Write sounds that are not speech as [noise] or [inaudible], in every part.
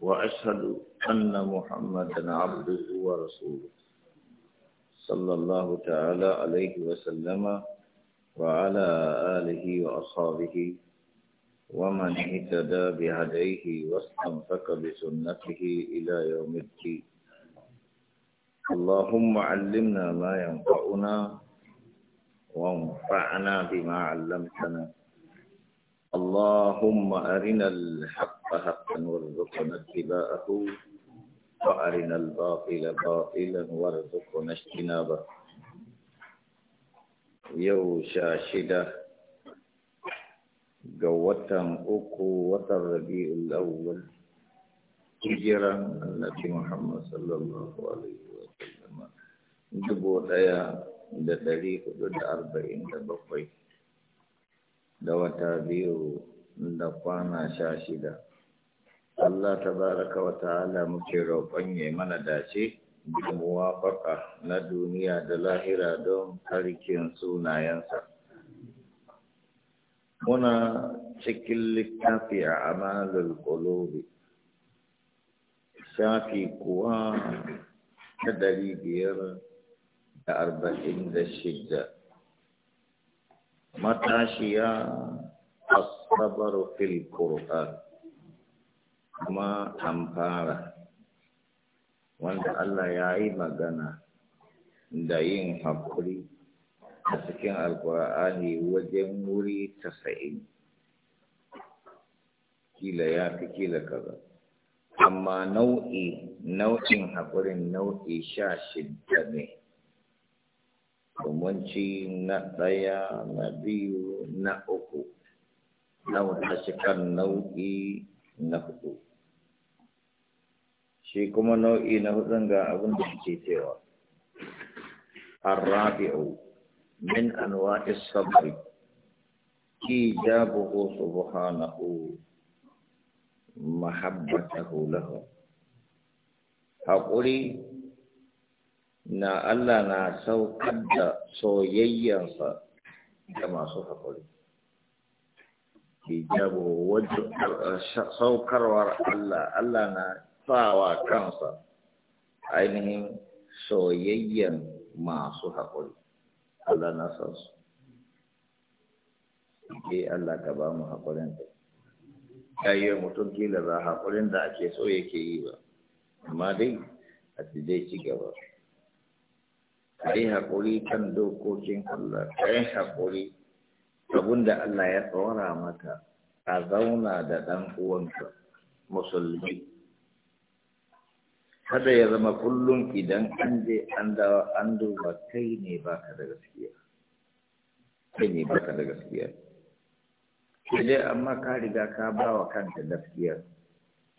وأشهد أن محمدا عبده ورسوله صلى الله تعالى عليه وسلم وعلى آله وأصحابه ومن اهتدى بهديه واستنفك بسنته إلى يوم الدين اللهم علمنا ما ينفعنا وانفعنا بما علمتنا اللهم أرنا الحق حقا وارزقنا اتباعه وأرنا الباطل باطلا وارزقنا اجتنابه يوشا شدة قوة أكو وتربيع الأول هجرا النبي محمد صلى الله عليه وسلم جبوتها دتاريخ دتاربعين دبقيت da wata biyu da kwana sha shida Allah ta tabaraka wa ta'ala muke roƙon ya mana dace da muwafaƙa na duniya da lahira don harkin sunayensa muna cikin littafi a amalul qulubi shafi kuwa ta dari biyar da arba'in da shida matashiya asabar fil qur'an kuma tamfara wanda Allah ya yi magana da yin haƙuri a cikin alkur'ani wajen wuri tasa'in kila ya fi kila kaza amma nau'i nau'in haƙurin nau'i sha shidda ne membenci na ɗaya nak biu nak uku nak hasilkan nauki nak uku si kumano i nak tangga abun benci tiwa arabiu min anwa is sabri kijabuhu subhanahu mahabbatahu lahu hakuli na Allah na saukar da soyayyansa ga masu haƙuri. Hijabu wajen uh, saukarwar Allah, Allah na sawa kansa ainihin soyayyan masu haƙuri. Allah na san su. Ke Allah ka ba mu haƙurin da. yi mutum kila za haƙurin da ake so yake yi ba, amma dai a ci gaba. ka yi haƙuri kan dokokin Allah kai hakuri, haƙuri abinda Allah ya tsora maka a zauna da ɗan uwanka musulmi kada ya zama kullum idan an je an dawa an duba kai ne baka da gaskiya kai ne baka da gaskiya sai amma ka riga ka ba wa kanta gaskiya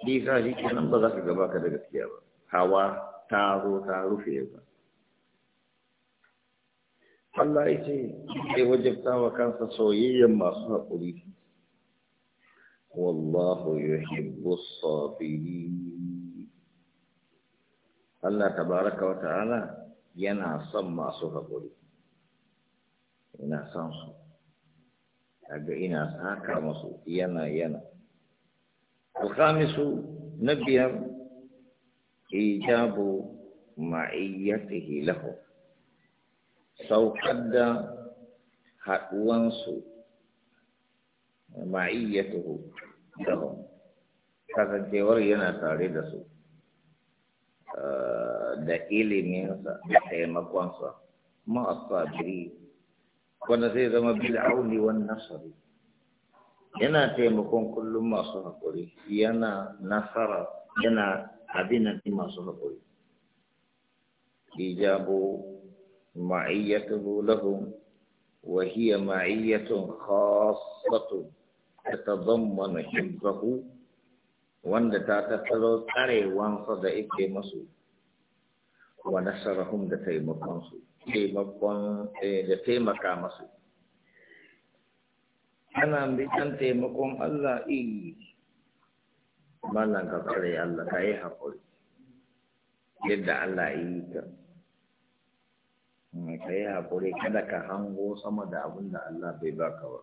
ni ka shi kenan ba za ka gaba ka da gaskiya ba hawa ta zo ta rufe ba Allah ya ce ya wajabta wa kansa soyayyen masu haƙuri wallahu yuhibbu sabirin Allah tabaraka wa ta'ala yana son masu haƙuri yana son su kaga ina saka masu yana yana alkhamisu na biyar ijabu ma'iyyatihi lahu saukar da haɗuwansu ma'iyyatuhu lahum kasancewar yana tare da su eh, da iliminsa da taimakonsa ma'asabiri wanda zai zama bil'auni wan nasari yana taimakon kullum masu haƙuri yana nasara yana abinan masu haƙuri ijabu معيته لهم وهي معية خاصة تتضمن ta وان تتتلو تري وانصد إكي مسو ونصرهم دتيمقنسو taimakon da taimaka masu. Ana bikin taimakon Allah iyi, mallan ka kare Allah ka yi haƙuri, yadda Allah yi ka. Mm, ka yi haƙuri kada ka hango sama da abin da Allah bai baka ba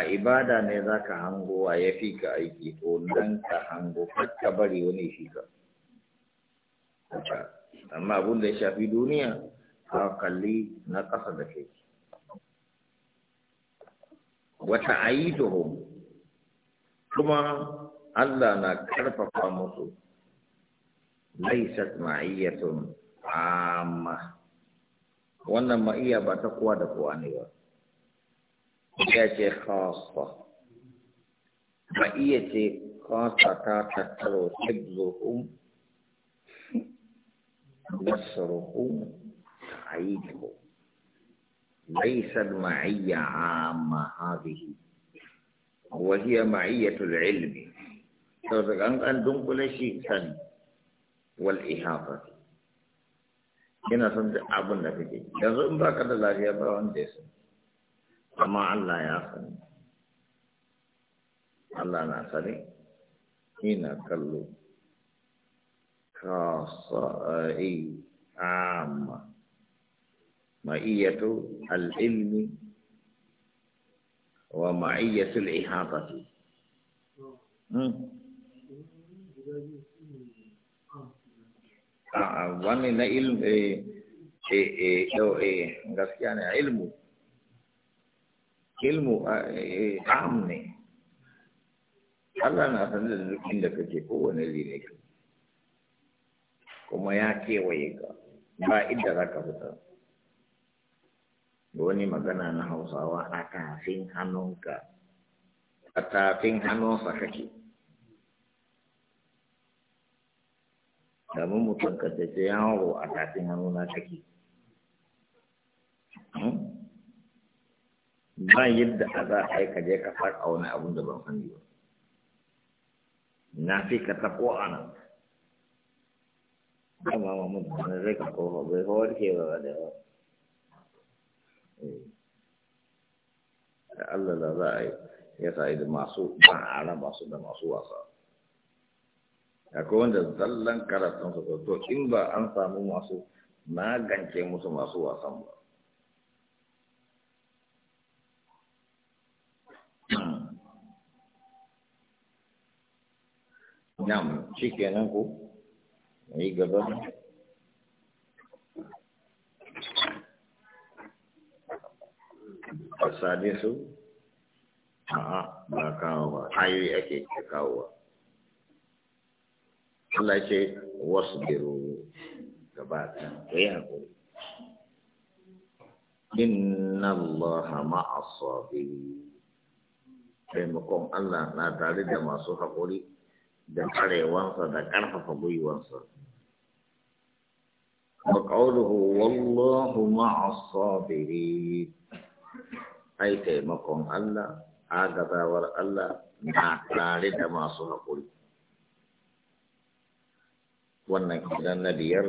a ibada ne za ka hango a ya fi ka aiki to nan ka hango ka bari wani shi ka amma abin da ya shafi duniya ka kalli na ƙasa da keke. wata ayi ayyuhum kuma Allah na karfafa musu laysat ma'iyatun amma wannan ma iya ba ta kowa da kowa ne ba ya ce khasa ma iya ce khasa ta tattaro tibzo hum nasaro hum ta aiko laisar ma'iyya a ma'azihi wajiyar ma'iyya tulilmi sau da gangan dunkule shi sani wal ihafati yana son da abin da kake yanzu in ba ka da lafiya ba wanda ya san amma Allah ya sani Allah na sani ina kallo ka sa'i amma ma'iyatu al-ilmi wa ma'iyatu al-ihadati hmm a'a wani na ilmu eh eh eh, eh gaskiya ne ilmu ilmu eh, am ne Allah na san da duk da kake kowane ne ka kuma ya kewaye ka ba inda za ka fita da wani magana na hausawa a tafin hannunka a tafin hannunsa kake domin mutum ka ce yaro a tafin hannu na take ba yadda a za a yi ka je ka faɗa wani abun da ban sani ba na fi ka tako a nan dama ma mutane zai ka kofa bai kawar ke ba eh. da yawa da Allah da za a yi ya sa masu ban a da masu wasa akwai wanda zallan karatun su to in ba an samu masu magance musu masu wasan ba [clears throat] Nam, shi kenan ku yi gaba Fasade su? A'a, ba kawo ba, ayoyi ake kawo ba. Allah ce wasu biro gaba ku yi haƙuri. Inna Allah ma'a sabiri. Taimakon Allah na tare da masu haƙuri da tsarewansa da ƙarfafa gwiwansa. وقوله والله مع الصابرين أي تيمكم الله عاقبة ور na tare da masu haƙuri. wannan idan na biyar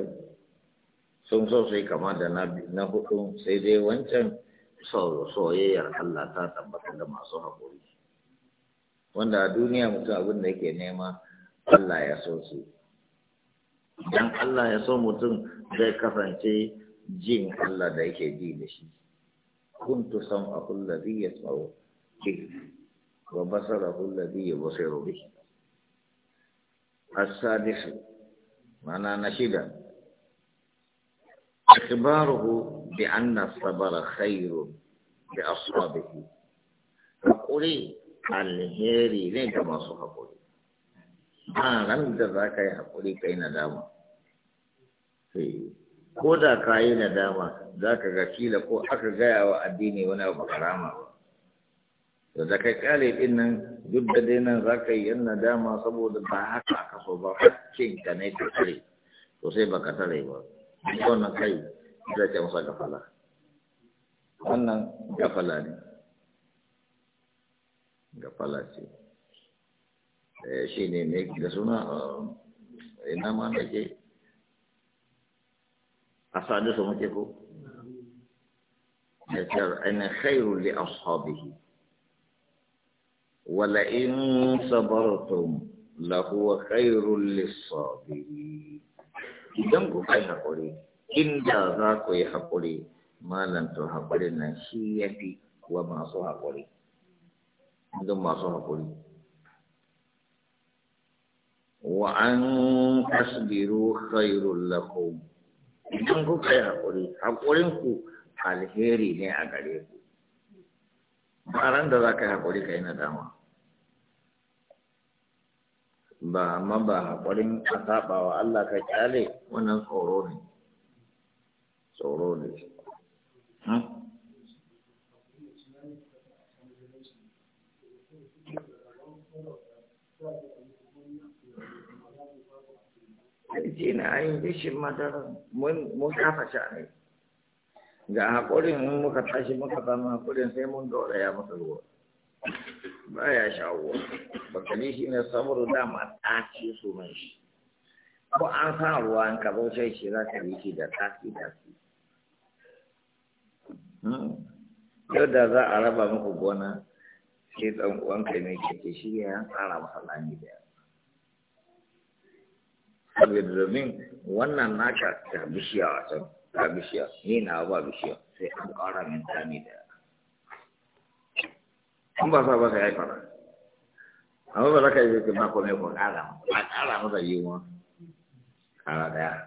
sun so su yi kama da na hudu sai dai wancan soyayyar Allah ta tabbata da masu haƙuri wanda a duniya mutum abin da yake nema Allah ya so su idan Allah ya so mutum zai kasance jin Allah da yake ji da shi kuntu san a kullazi ya tsawo ke wa basara kullazi ya basiru bihi a sadisu معنى shida إخباره بأن الصبر خير لأصحابه haƙuri alheri ne ga masu haƙuri ba ran da za ka yi haƙuri ka yi nadama eh, ko da ka yi nadama za ka ga kila ko aka gaya wa addini wani abu karama da kai kyale din nan duk da dai nan za ka yi yan nadama saboda ba haka aka so ba hakkin ka ne ka tare to sai baka tare ba wannan kai zai ce masa gafala wannan gafala ne gafala ce shi ne mai da suna ina ma da ke a sadu su muke ko ya ce ainihin khairu li ashabihi Wala sabartum la huwa khairul للصابرين idan ku kai haƙuri da za ku yi haƙuri malam to haƙuri na shi ya fi wa masu haƙuri Idan masu haƙuri wa an tasbiru khairul lakum idan ku kai haƙuri haƙurinku alheri ne a gare ku ba ran da za ka yi haƙuri ka yi nadama ba amma ba haƙurin a saɓa wa Allah ka kyale wannan tsoro ne tsoro ne hmm? Jina yi bishin madara mun kafa sha'ani. ga haƙurin in muka tashi muka samu haƙurin sai mun dora ya masa ruwa ba ya shawuwa bakali shi ne samun dama ɗaci su mai shi ko an sa ruwa in ka zo shi za ka yi shi da ɗaci ɗaci hmm. yau da za a raba muku gona sai ɗan kai ne ke ke shi ya tsara masa lami da ya saboda domin wannan naka ta bishiya a can ga bishiya ni na ba bishiya sai an ƙara min tsami da an ba sa ba ka yi fara amma ba za ka yi zai ma kome ko ƙara ma ƙara masa yi ma ƙara ɗaya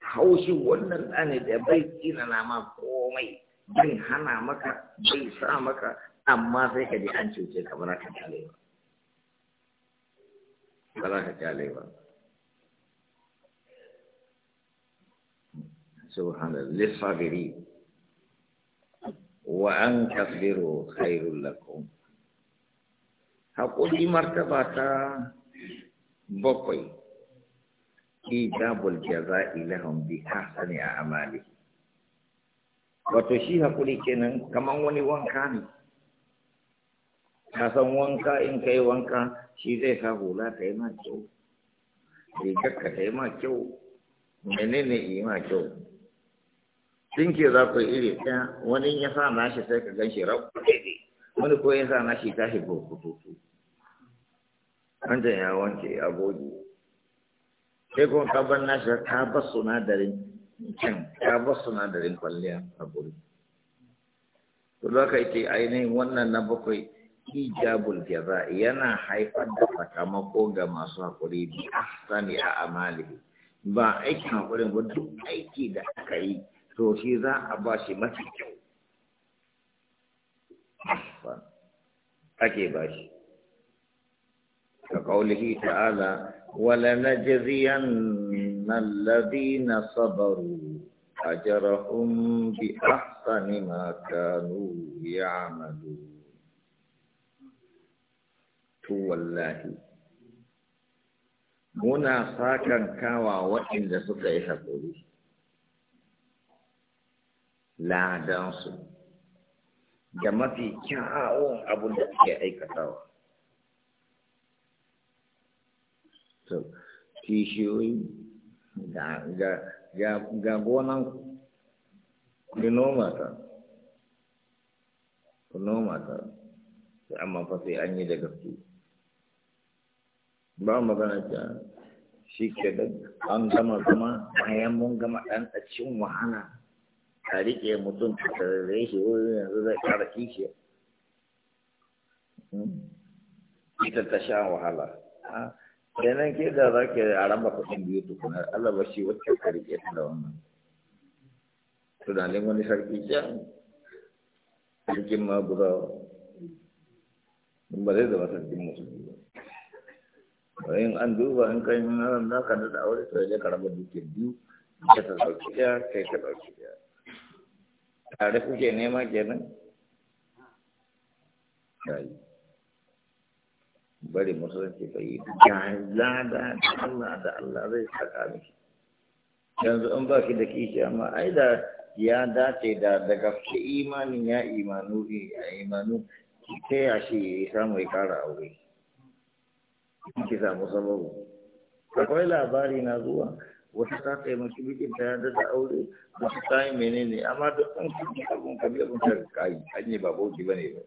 haushi wannan ɗane da bai kina na ma komai bai hana maka bai sa maka amma sai ka ji an cuce ka ba za ka kyale ba ba za ka kyale ba subhanallah lissabiri wa an tasbiru khairul lakum hakuli martaba ta bakwai dabul jaza'i lahum bi ahsani a'mali wato shi hakuri kenan kaman wani wanka ne ka wanka in kai wanka shi zai sa hula ta yi ma kyau rigar ka ta yi ma kyau menene yi ma kyau dinki za ku iri ɗaya wani ya sa shi sai ka gan shi rakwai wani ko ya sa nashi tashi burkututu wancan ya wanke ya goge sai kuma ka na nashi ka ba sunadarin can ka bar sunadarin kwalliya a guri to za ka ce ainihin wannan na bakwai ijabul jaza yana haifar da sakamako ga masu haƙuri bi sani a amalihi ba aikin haƙurin ba duk aiki da aka yi to shi za a ba shi mafi kyau ake ba shi ka kaulihi ta'ala wala najziyan alladhina sabaru ajrahum bi ahsani ma kanu ya'malun to wallahi muna sakan kawa waɗanda suka yi haƙuri ladansu da mafi kyawun abin da suke aikatawa. So, kishiyoyi ga gonan ku noma ta, ku noma ta, amma fa sai an yi da gaske. Ba magana ta shi ke an gama zama bayan mun gama ɗan cin wahala ka rike mutum ka tarare shi wurin yanzu zai kara kishi hmm. ita ta sha wahala ah, kenan ke da za ke a raba kuɗin biyu tukunar Allah ba shi wacce ka rike ta da wannan tunanin wani sarki can sarkin ma guda ba zai zama sarkin musulmi ba bayan an duba in kai nan naka da aure to ya karaba dukiyar biyu ya ta dauki ɗaya kai ka dauki ɗaya tare kuke mah kenan kai bari musulunci kita ini. gaza ada Allah ada Allah zai kami. miki yanzu in baki da kishi amma ai da ya dace da da gaske imanin ya imanu ya imanu ta ya shi ya samu ya kara aure ki labari na wata ta taimaki bikin ta yarda aure wata ta yi menene amma da an kuɗi abun ta kayi an yi ba bauki ba ne ba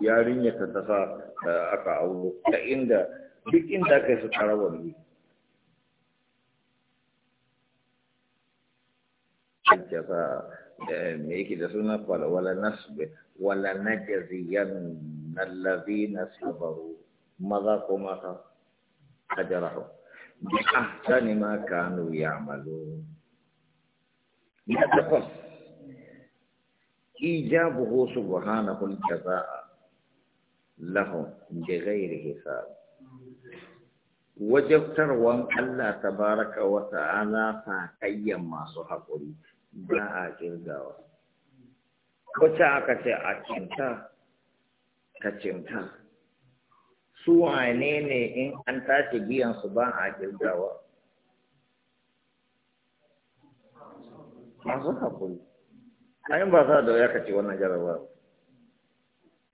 yarinya ta sa da aka aure. ta inda duk inda aka su tara wani ya sa me yake da suna kwala wala nasbe wala na allazina maza ko mata ajrahum bi ahsani ma kanu ya'malun ya takwas ijabuhu subhanahu a jazaa lahum bi ghairi hisab wajabtar wa Allah tabaraka wa ta'ala fa kayyam ma suhaquri da ajirgawa ko ta aka ce a cinta ka cinta su wane ne in an tashi biyan su ba a girgawa masu hakuri. ayin ba sa da ya kace wannan jarabar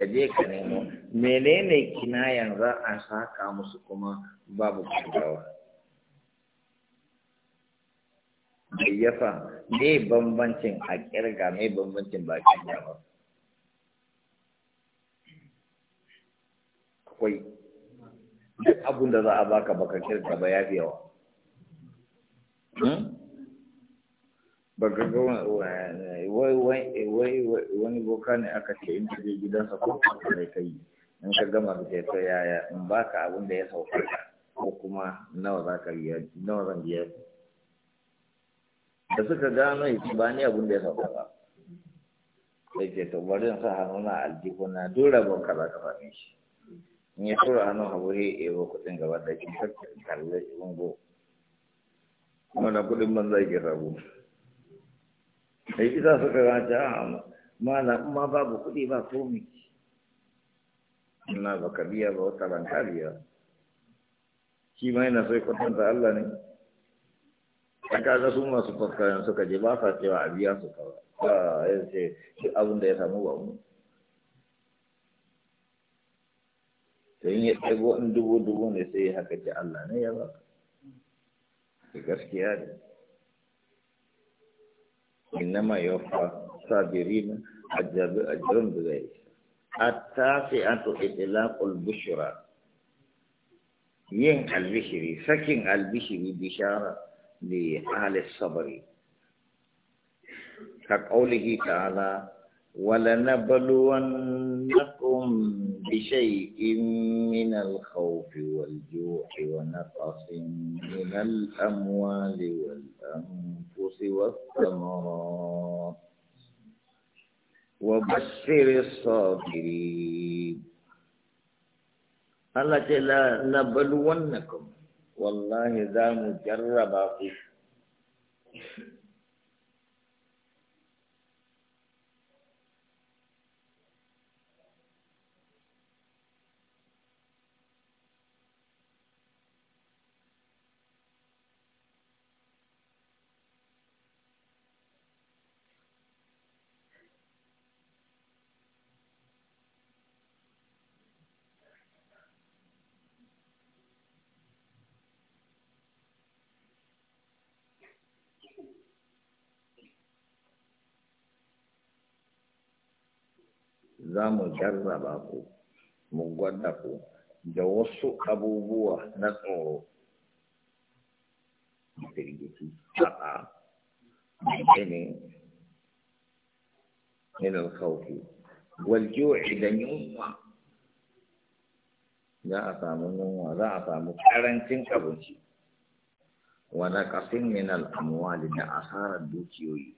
ka je ka nemo menene kinayan za a saka musu kuma babu girgawa Bai yasa ne bambancin a kirga ne bambancin ba kirga ba akwai duk abin da za a baka baka shirka ba ya fi yawa hmm? baka ga wani boka ne aka ce in ka je gidansa ko kuma kai in ka gama da ce to yaya in baka abin da ya sauka ko kuma nawa za ka biya nawa zan biya da suka gano yake ba ni abin da ya sauka ba sai ce to bari in sa na aljihuna dole ban kaza ka shi. in ya tura hannun hagu ya ebo kuɗin gaba da shi sarki kalle ungo mana kuɗin ban zai ke rabu sai kita suka rata ah, mana ma babu kudi ba komi ina ba ka biya ba wata ban kariya shi ma yana sai kwatanta Allah ne a kaga su masu faskayen suka je ba sa cewa a biya su kawai ba yanzu ce abin da ya samu ba mu don ya ɗago in dubu dubu ne sai ya haka ce Allah ne ya ba ka gaskiya ne innama yawfa sabirina ajabi ajrun bighayri at-tasi'atu itlaqul bushra yin albishiri sakin albishiri bishara li ahli sabri ka qawlihi ta'ala ولنبلونكم بشيء من الخوف والجوع ونقص من الأموال والأنفس والثمرات وبشر الصابرين التي لا نبلونكم والله ذا مجربة za mu jarraba ku mu gwada ku da wasu abubuwa na tsoro firgici tsaka ne min kauki wal ju'i da yunwa za a samu yunwa za a samu karancin abinci wani kafin min al amwali da asarar dukiyoyi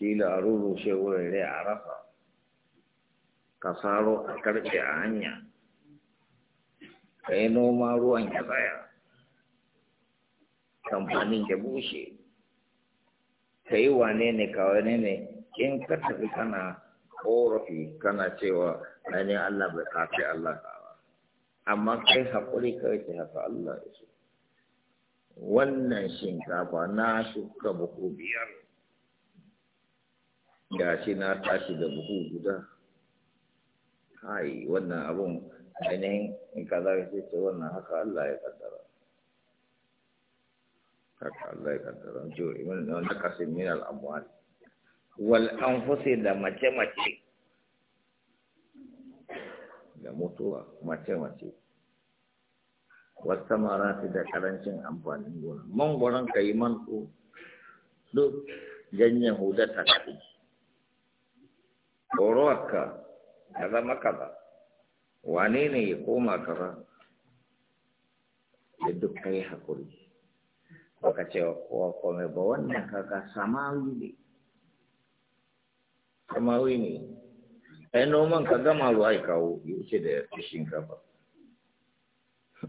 kila a rurrushe wurare a rasa ka saro a karfe a hanya ka yi noma ruwan ya tsaya kamfanin ya bushe ka yi wane ne ne ne in ka tafi kana korafi kana cewa ainihin Allah bai kafi Allah kawa amma kai haƙuri kai ta haka Allah ya wannan shinkafa na shuka buku biyar ga shi na tashi da buhu guda kai wannan abun ainihin in ka za ka ce wannan haka Allah ya kaddara haka Allah ya kaddara jo imin na wani kasin min al'amwal wal an fusi da mace-mace da mutuwa mace-mace wata mara da karancin amfanin gona mangwaron ka yi manko duk janyen hudar ta kaɗi horowarka ka zama kaza wane ne ya koma kaza da duk kai hakuri baka cewa kowa komai ba wannan kaga samawi ne samawi ne ai noman ka gama ruwa ya kawo ya wuce da shinkafa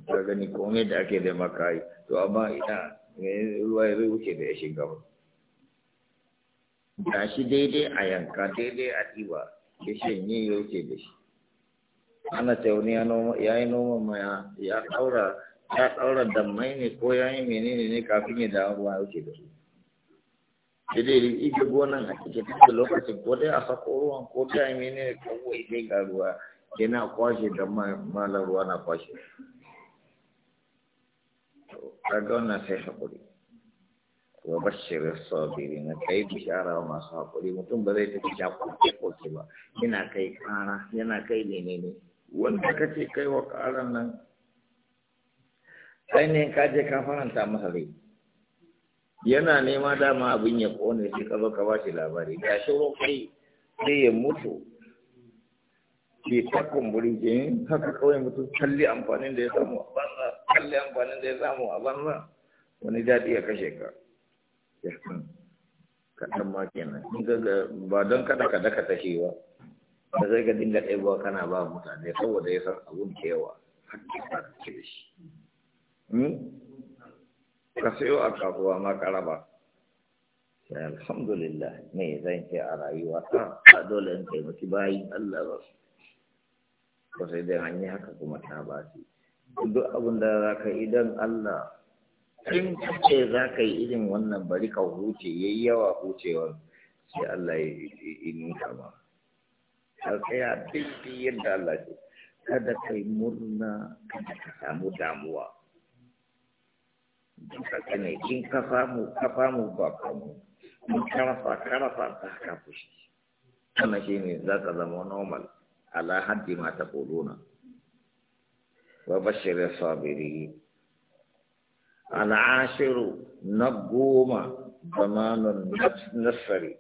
ka gani komai da ake da makayi to amma ina ruwa ya wuce da shinkafa ga shi daidai a yanka daidai a ɗiba ya yi yauke da shi ana wani ya yi noma ma ya ɗaura ya ɗaura mai ne ko ya yi mene ne kafin ya dawo ruwa yauke da su sai dai ike gonan a cikin da lokacin ko dai a sako ruwan ko ta yi menene kawai sai ga ruwa yana kwashe da malar ruwa na kwashe ga wannan sai haƙuri wa bashirin sabiri na kai bishara wa masu haƙuri mutum ba zai tafi shakwai koke ba yana kai ƙara yana kai menene wanda ka ce kai wa ƙaran nan ainihin ka je ka faranta masa rai yana nema dama abin ya ƙone shi ka zo ka ba shi labari ga shi kai, sai ya mutu ke ta kumburi ke haka kawai mutum kalli amfanin da ya samu a banza kalli amfanin da ya samu a banza wani daɗi ya kashe ka kaɗan ma kenan in ga ba don kada ka daka ta shi ba da sai ka dinga ɗaibuwa kana ba mutane saboda ya san abun da yawa hakika da ke da shi hmm? ka sayo a kasuwa ma ka raba alhamdulillah me zan ce a rayuwa ta a dole in taimaki bayin Allah ba ko sai dai hanyar haka kuma ta ba shi duk abin da za ka idan Allah in kace za ka yi irin wannan bari ka huce ya yi yawa hucewar sai Allah ya inuka ma ka tsaya duk yadda Allah ce kada ka yi murna kada ka samu damuwa duka ka ne in ka famu, ka famu ba kamu in ka rafa, ka rafa ka haka fushi Kana shi ne za ka zama normal Allah haddi mata ta kolona wa bashirin sabirin العاشر نقوم زمان النصر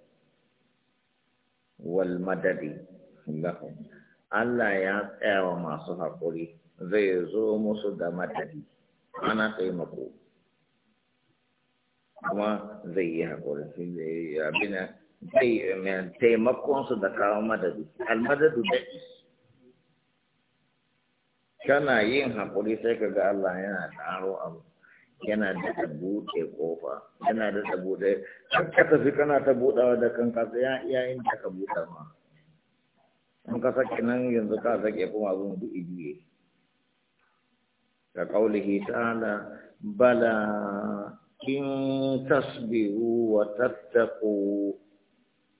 والمدد لهم ألا يأتوا ما صفقوري ذي زوم مدد أنا قيمكو كما ذي يقول في يابنا ذي من تيمكو صدقاء مدد المدد ده كان ين حقولي سيكا قال الله ينا تعالوا أبو yana da buɗe kofa yana da buɗe kan ka tafi kana ta buɗawa da kan ya yayin da ka buɗa ma an ka sake nan yanzu ka sake kuma abin duk ijiye ka kaulihi ta'ala bala in tasbiru wa tattaqu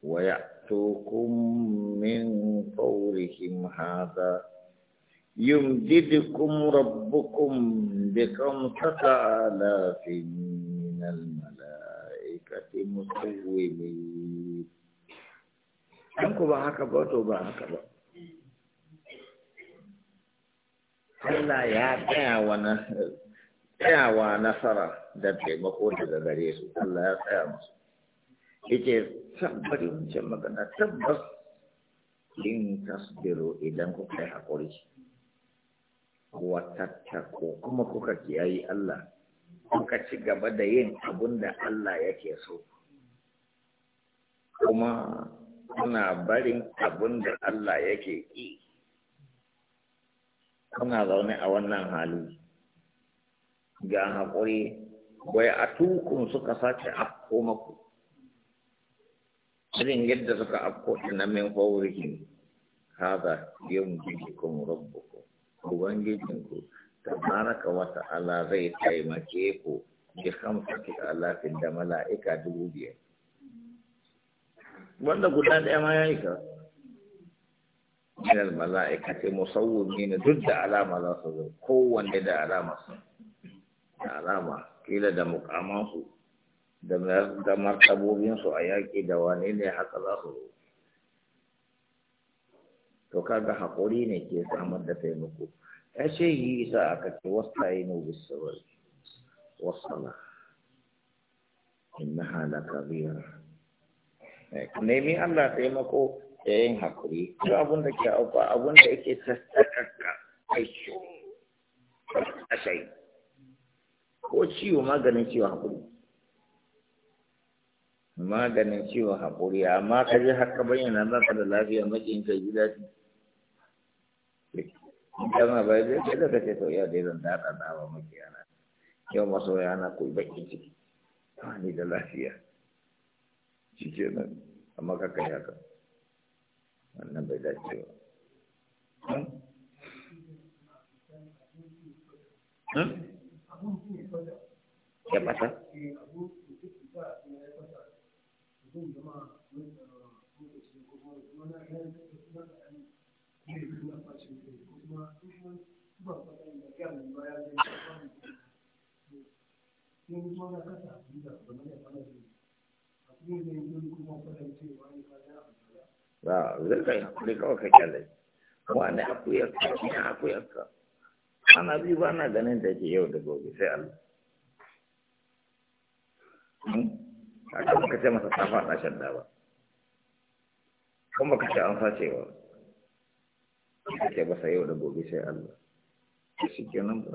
wa ya'tukum min fawrihim hadha يمددكم ربكم بخمسة آلاف من الملائكة مسومين أنكم بحكة بوتو بحكة بوتو Allah ya tsayawa nasara da taimako daga gare su, Allah ya tsaya musu. wancan magana tabbas in tasbiro idan kuka yi haƙuri. ko kuma kuka kiyayi Allah kuka ci gaba da yin abun da Allah yake so kuma kuna barin abun da Allah yake ƙi kuna zaune a wannan hali ga hakuri, wai a tukun suka sace afko maku irin yadda suka afko na min faurikin haza yin jikin rabbu ubangijinku tabaraka wa ta'ala zai taimake ku bi khamsati alafin da mala'ika dubu biyar wanda guda ɗaya ma ya yi ka minal mala'ika sai musawwumi ne duk da alama za su zo kowanne da alama su da alama kila da mukamansu da martabobinsu a yaƙi da wane ne haka za su zo to kaga haƙuri ne ke samar da taimako ya ce yi isa a kake wasta yi na bisawar wasala inna halaka biyar eh, nemi Allah taimako da yin haƙuri duk abin da ke auka abin da yake ka kai shi a shayi ko ciwo maganin ciwo haƙuri maganin ciwo haƙuri amma ka ji haka bayyana za ka da lafiya maƙin ka ji daɗi idan ba zai ce daga ce to da dai da daɗa dawa maki yana yau maso yana ku baki ciki ba ni da lafiya shi ke amma ka kai haka wannan bai da ba hmm? Hmm? ya fata? Thank you. ba zai kai hakuri kawai ka kyale wani akuyar ka ina akuyar ka ana biyu ba na ganin da ke yau da gobe sai Allah hmm? haka baka ce masa ta faɗa shadda ba kuma baka ce an sace ba ka ce basa yau da gobe sai Allah shi kenan ba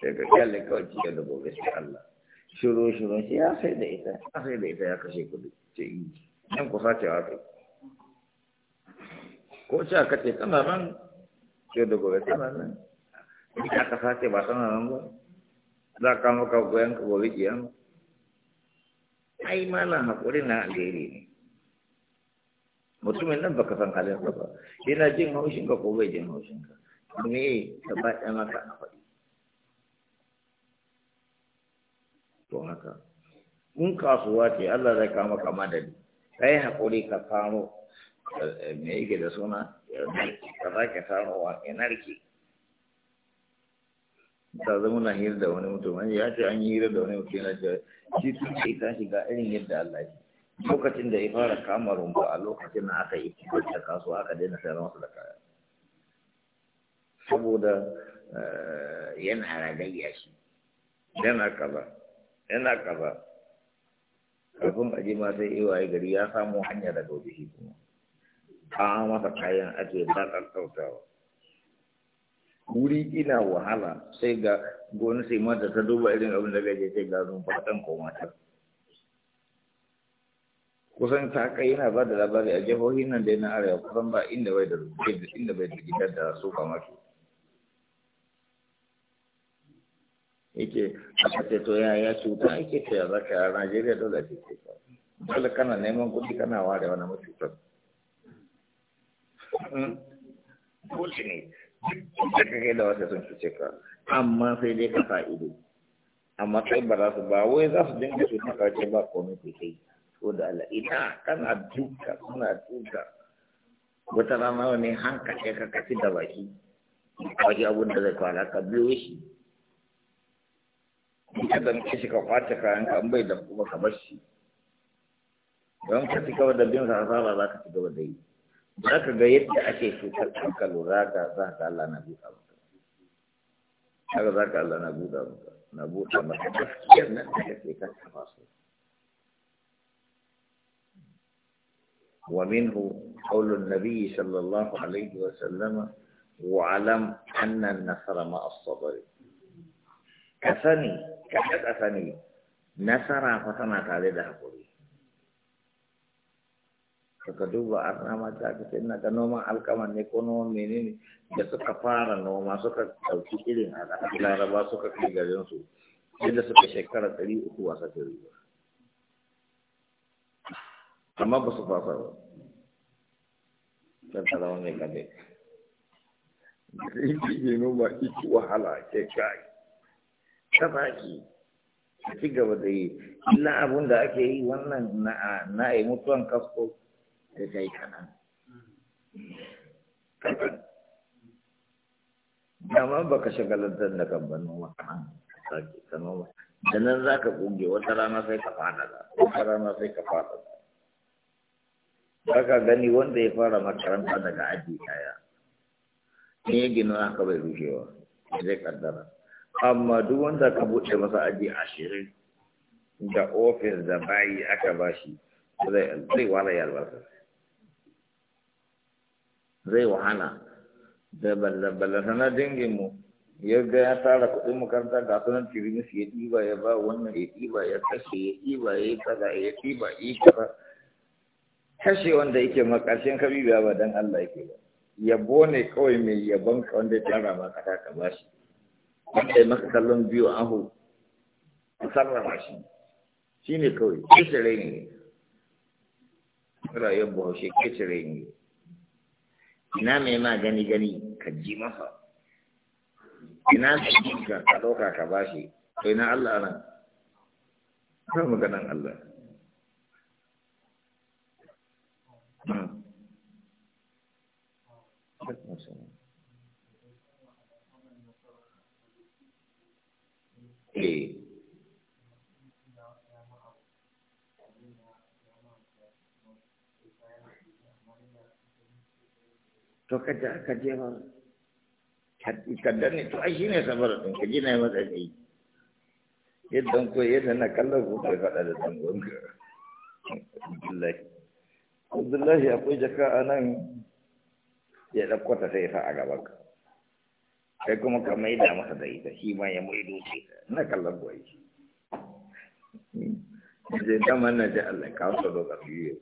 sai ka kyalle kawai cikin da gobe sai Allah shiro shiro sai ya sai da ita ya sai da ita ya kashe kudi ce yi nan kusa ce wa kai ko ce aka ce tana nan ce da gobe tana nan in ka kasa ce ba tana nan ba za ka maka goyon ka gobe kiyan ai malam haƙuri na alheri ne mutumin nan baka san halin ba yana jin haushinka ko bai jin haushinka me gaba ɗaya maka a faɗi to haka in kasuwa ce Allah zai kawo maka madadi yi haƙuri ka kamo eh, me yake da suna ka ka samowa wa narke ta zama na hira da wani mutum ya ce an yi hira da wani mutum yana ce shi tun da ita shiga irin yadda Allah ya lokacin da ya fara kama rumfa a lokacin da aka yi da kasuwa aka daina sayar masa da kaya saboda eh, yana ragayya shi yana kaza yana kaza kafin aje ma sai waye gari ya samu hanya da gobe shi kuma a masa kayan ake ba ƙaƙƙautawa wuri ina wahala sai ga sai mata ta duba irin abin da gaje sai ga zun fatan ko mata kusan ta kai yana ba da labari a jihohin nan da na arewa kusan ba inda bai da inda bai da gidan da su ba yake aka to ya ya cuta yake ce yanzu ka a Najeriya dole ce ce dole kana neman kuɗi kana ware wani mutuwar hmm. dole ne da kake da wata sun cuce ka amma sai dai ka sa ido amma kai ba za su ba wai za su dinga cuta ka ce ba komai ke kai ko da Allah ina kana duka kana duka wata rana ne hankace ka kaci da baki wajen abun da zai kwana ka biyo shi ka damke shi ka kwace kayan ka an bai da kuma ka bar shi don ka ci gaba da bin sa asara za ka ci gaba da yi za ka ga yadda ake cutar ka lura ga za ka Allah na buɗa maka haka za ka Allah na buɗa maka na buɗa maka gaskiyar nan da kake ka kafa su ومنه قول النبي صلى الله عليه وسلم وعلم أن النصر مع الصبر كفني ka daɗa sani nasara fa tana tare da haƙuri suka duba a rama ta ce ina ga noman alkama ne ko noman menene da suka fara noma suka ɗauki irin a ƙasar laraba suka kai garin su inda suka shekara ɗari uku wasa ta riba amma ba su fasa ba ta tsara wani kadai da yake noma iki wahala ke kai ta baki a ci gaba da yi illa abun da ake yi wannan na yi mutuwan kasko da kai yi dama ba ka shagalantar da kan ba noma kanan sake ka noma da nan za ka kuge wata rana sai ka fada da wata rana sai ka fada da za ka gani wanda ya fara makaranta daga aji daya ne ya gina bai rushewa zai kaddara amma duk wanda ka buɗe masa aji ashirin da ofis da bayi aka ba shi zai wahala ya albarka zai wahala da ballatana dinginmu, ya ga ya tara kuɗin makaranta ga sunan tirimis ya ɗiba ya ba wannan ya ɗiba ya kashe ya ɗiba ya yi tsada ya ɗiba ya yi kasa. kashe wanda yake ma ƙarshen kabibiya ba don Allah yake ba yabo ne kawai mai yabon ka wanda ya tara ma kasa ka ba shi wanda ya kallon biyu ahu a sarrafa shi shi ne kawai kisire ne rayuwar bahaushe kisire ne ina mai ma gani gani ka ji masa ina mai ka ka ɗauka ka ba shi to ina Allah nan ta maganan Allah hmm. Eh. to ka ja ka je ba kaddan ne to ai shi ne sabar ɗin ka ji na yi matsayi yadda ko yadda na kallon ko ka faɗa da dangon ka Abdullahi Abdullahi akwai jaka a nan ya ɗauko ta ya sa a gaban ka sai kuma ka da masa da ita shi ma ya maido ce na kallon boye shi ta dama na ji Allah ka wasu da zafiye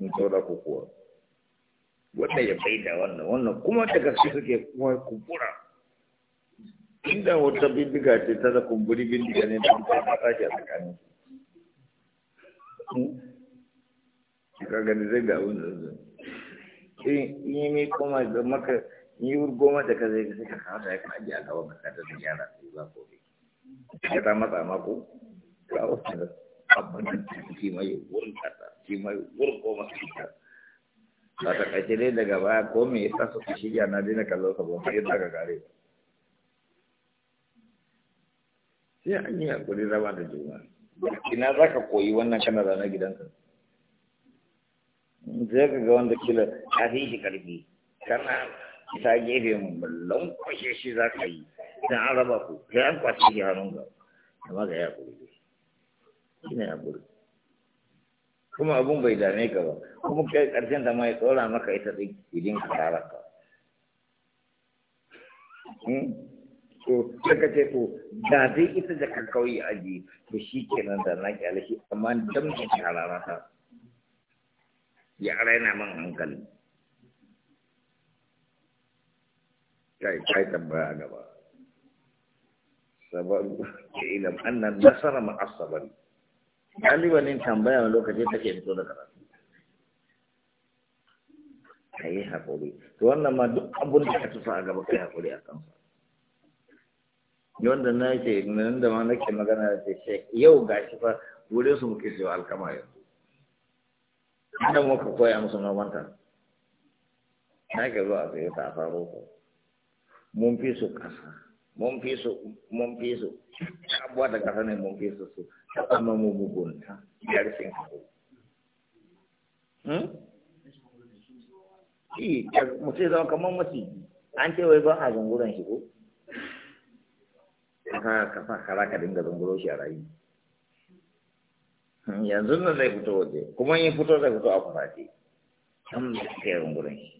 in saura ku kuwa wanda ya da wannan wannan kuma ta gaske suke kuma kumbura inda wata bindiga ce ta da kumburi bindiga ne da ta ta tashi a tsakanin su ka gani zai ga abin da zai in yi mai kuma da maka in yi goma da ka zai ka sai ka kawo da ya kan ajiye a gaban makarantar da yara su yi ba ko bai ya ta matsa ko ka wasu da abin da shi mai wurin kasa shi mai wurin goma su ta ba ta ƙarshe dai daga baya ko me yasa suka shirya na dina kallo ka ba sai daga gare ba sai an yi hakuri raba da juna ina za ka koyi wannan kana zana gidanka zai ka ga wanda kila ka fi shi karfi kana ta gefe mu ballon kwashe shi za ka yi Idan an raba ku sai an kwashe shi hannun ga da maka ya kuri shi ne ya kuma abun bai dame ka ba kuma kai karshen da mai tsora maka ita ɗin idin ka tara hmm? ka to sai ka ce to da dai ita da ka kauye aji to shi kenan da na kyale shi amma ta shi hararata ya raina man hankali kai kai tambaya gaba sabaru ke ilam annan nasara ma asabar yin tambaya wani lokaci take fito da karatu ka yi haƙuri to wannan ma duk abun da ka tufa a gaba ka yi haƙuri a kansa wanda na ce nan da ma nake magana da ce shek yau ga shi fa wurin su muke cewa alkama yanzu inda muka koya musu ta na ke zuwa a tsaye ta a faro ko mun fi su ƙasa mun fi su mun fi su abuwa da ƙasa ne mun fi su su ta kama mu mugunta da rikin hagu shi mutum zama kamar maciji an ce wai ba a zunguran shi ko kafa kafa kara ka dinga zunguro shi a rayu hmm, yanzu nan zai fito waje kuma in fito zai fito a kwanace an da suka zunguran shi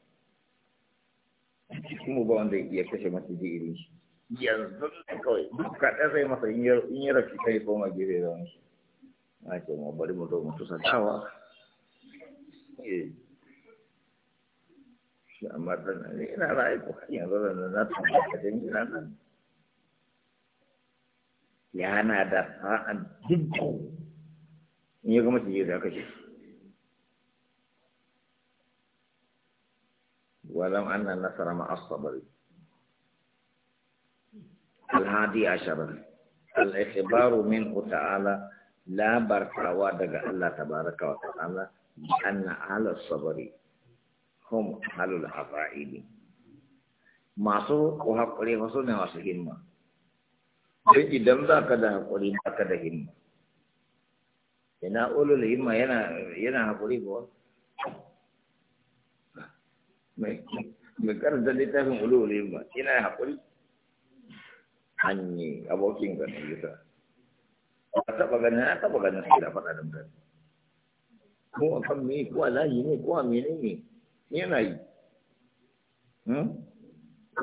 mu ba wanda ya kashe masa da shi yanzu ne kawai duk kaɗan zai masa in yi rafi kai koma gefe da wani a ce ma bari mu zo tusa dawa eh. shi amma dan ne ina ra'ayi ko yanzu da na tabbata da ina nan yana da sa'an dukkan in gama ga yi da kashe ولو أن النصر مع الصبر الهادي عشر الإخبار منه تعالى لا برتوى دقى الله تبارك وتعالى بأن أهل الصبر هم أهل الأفعيد ما سوء وحق لي وصولنا وصهنما إذا ذا كذا حقولي ما كذا هنما هنا أولو الهنما هنا هنا حقولي بوصول mai karanta littafin ululin ba ina haƙuri hanyi abokin ga nisa a taɓa ganin a taɓa ganin sai da faɗa da mutane ko a kan me ko a layi ne ko a mene ne yana yi hmm?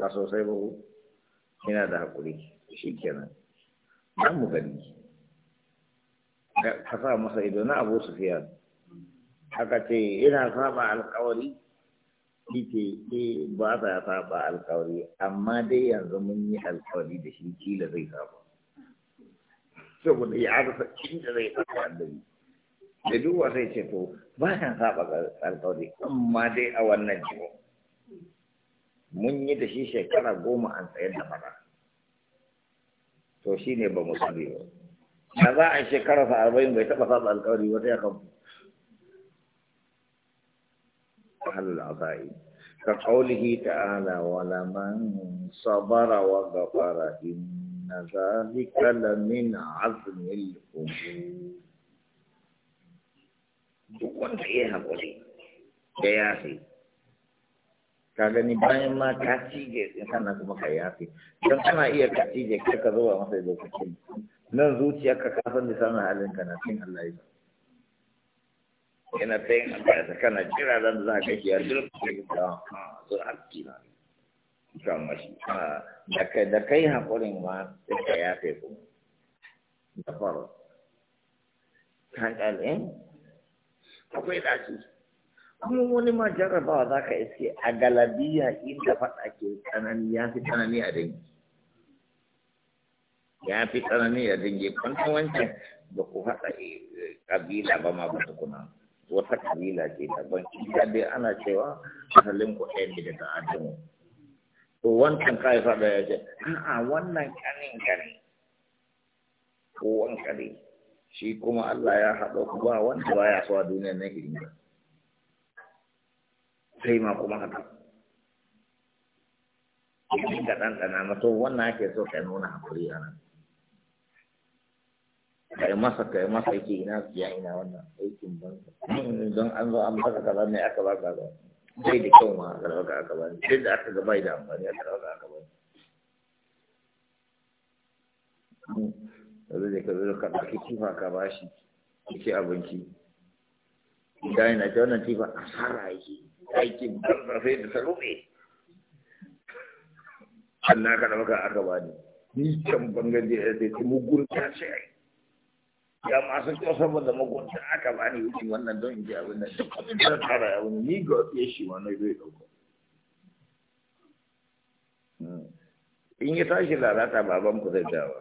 ba sosai ba ko yana da haƙuri shi kenan dan mu gani ka sa masa ido na abu su fiya haka ce ina saba alƙawari shi ce ba sa saba alkawari amma dai yanzu mun yi alkawari da shi kila zai saba saboda ya rasa inda zai saba annabi da duk sai ce to ba kan saba alkawari amma dai a wannan jiho mun yi da shi shekara goma an tsayar da fara to shi ne ba mu sani ba za a shekara sa arba'in bai taɓa saba alkawari wata ya kamfu أهل العطاء كقوله تعالى ولمن صبر وغفر إن ذلك لمن عزم الأمور duk wanda ya haƙuri da yafi bayan ma ka cije sannan kuma ka yafi don kana iya ka cije ka zo a masa lokacin nan zuciya ka kasan sanar halin ka na cin Allah ya yana ta yin da kana jira zan za ka shi a duk da zo alki na kan mashi eh? da kai da kai hakurin ma da ya kai kuma da faro kan ɗal'in akwai shi kuma wani ma jarrabawa za ka iske a galabiya inda faɗa ke tsanani ya fi tsanani a dangi ya fi tsanani a dangi eh, eh, kwanton wancan ba ku faɗa ƙabila ba ma ba tukuna wata kabila ce daban ita dai ana cewa asalin ku ɗaya ne daga adamu to wancan kai faɗa ya ce a'a wannan kanin kane ko wankare shi kuma Allah ya haɗa ku ba wanda ba ya suwa duniya duniyar nan irin sai ma kuma haka ka ɗanɗana to wannan ake so ka nuna haƙuri a nan kai masa kai masa yake ina ya ina wannan aikin ban mm, don an zo an baka kaza ne aka baka ba sai da kyau ma aka baka aka ba duk da aka ga bai da amfani aka baka aka ba mm, yanzu da ka zo ka ɗauki tifa ka bashi yake abinci idan yana ta wannan tifa fara yake aikin banza sai da sarube Allah ka ɗauka aka ba ni ni can bangaje da ta mugun ta ce ya masu kyau saboda makwabta aka bani wuce wannan don in ji abin duk abin da tara ya wani ni ga ya shi wani zai ɗauka hmm. in ya tashi lalata baban ku zai dawa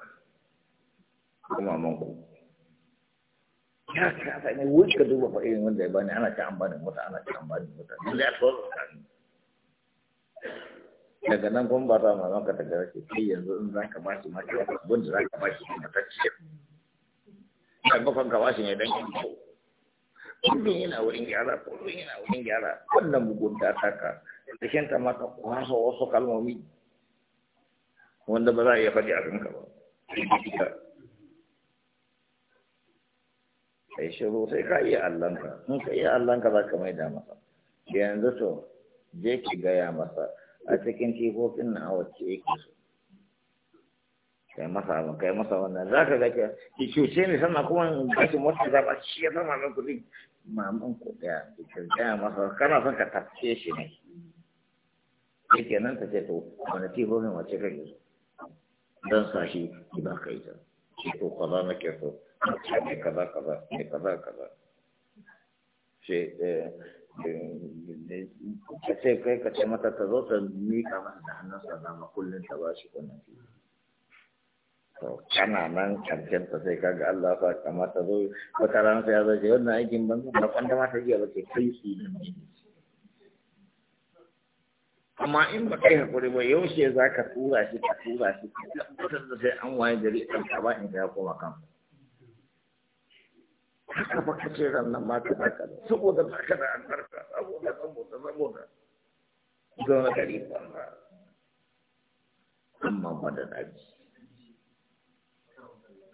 ko maman ku ya kasa ne wuce ka duba fa irin wanda ya bani ana ta ambanin mota ana ta ambanin mota dole ya tsoro kan daga nan kuma ba ta maman ka ta ce kai yanzu in za ka ba shi ma ta abin da za ka ba shi ma ta ce maimakon ka bashi ne dan ko. kullum yana wurin gyara kullum yana wurin gyara wannan mugunta ta ka shan ta mata so wasu kalmomi wanda ba za a iya faɗi a kanka ba sai shiru sai ka iya allanka in ka iya allanka za ka mai da masa yanzu to je ki gaya masa a cikin tifofin na awace yake so kai masa abin kai masa wannan za ka ga ki cuce ni sannan kuma in gashi mota za ba shi ya zama min kuɗi maman ku ɗaya ki gaya masa kana son ka tafce shi ne shi kenan ta ce to wani tibobin wace kake so don sa shi ki ba ka ta, shi ko kaza na ke so ne kaza kaza ne kaza kaza shi eh, eh, eh, ka ce kai ka ce mata ta zo ta miƙa masa da hannunsa dama kullum ta ba shi wannan fili to kana nan cancan ta sai kaga Allah ba kamata zo wata ran sai zo ji wannan aikin ban da kwanda ma ta ba bace kai su ne amma in ba kai hakuri ba yaushe za ka tura shi ka tura shi ka tabbatar da sai an waye gari an ka ba in ga koma kan haka ba ka ce ran nan ma ka da saboda ba ka da albarka saboda saboda saboda zo na gari ba amma ba da daji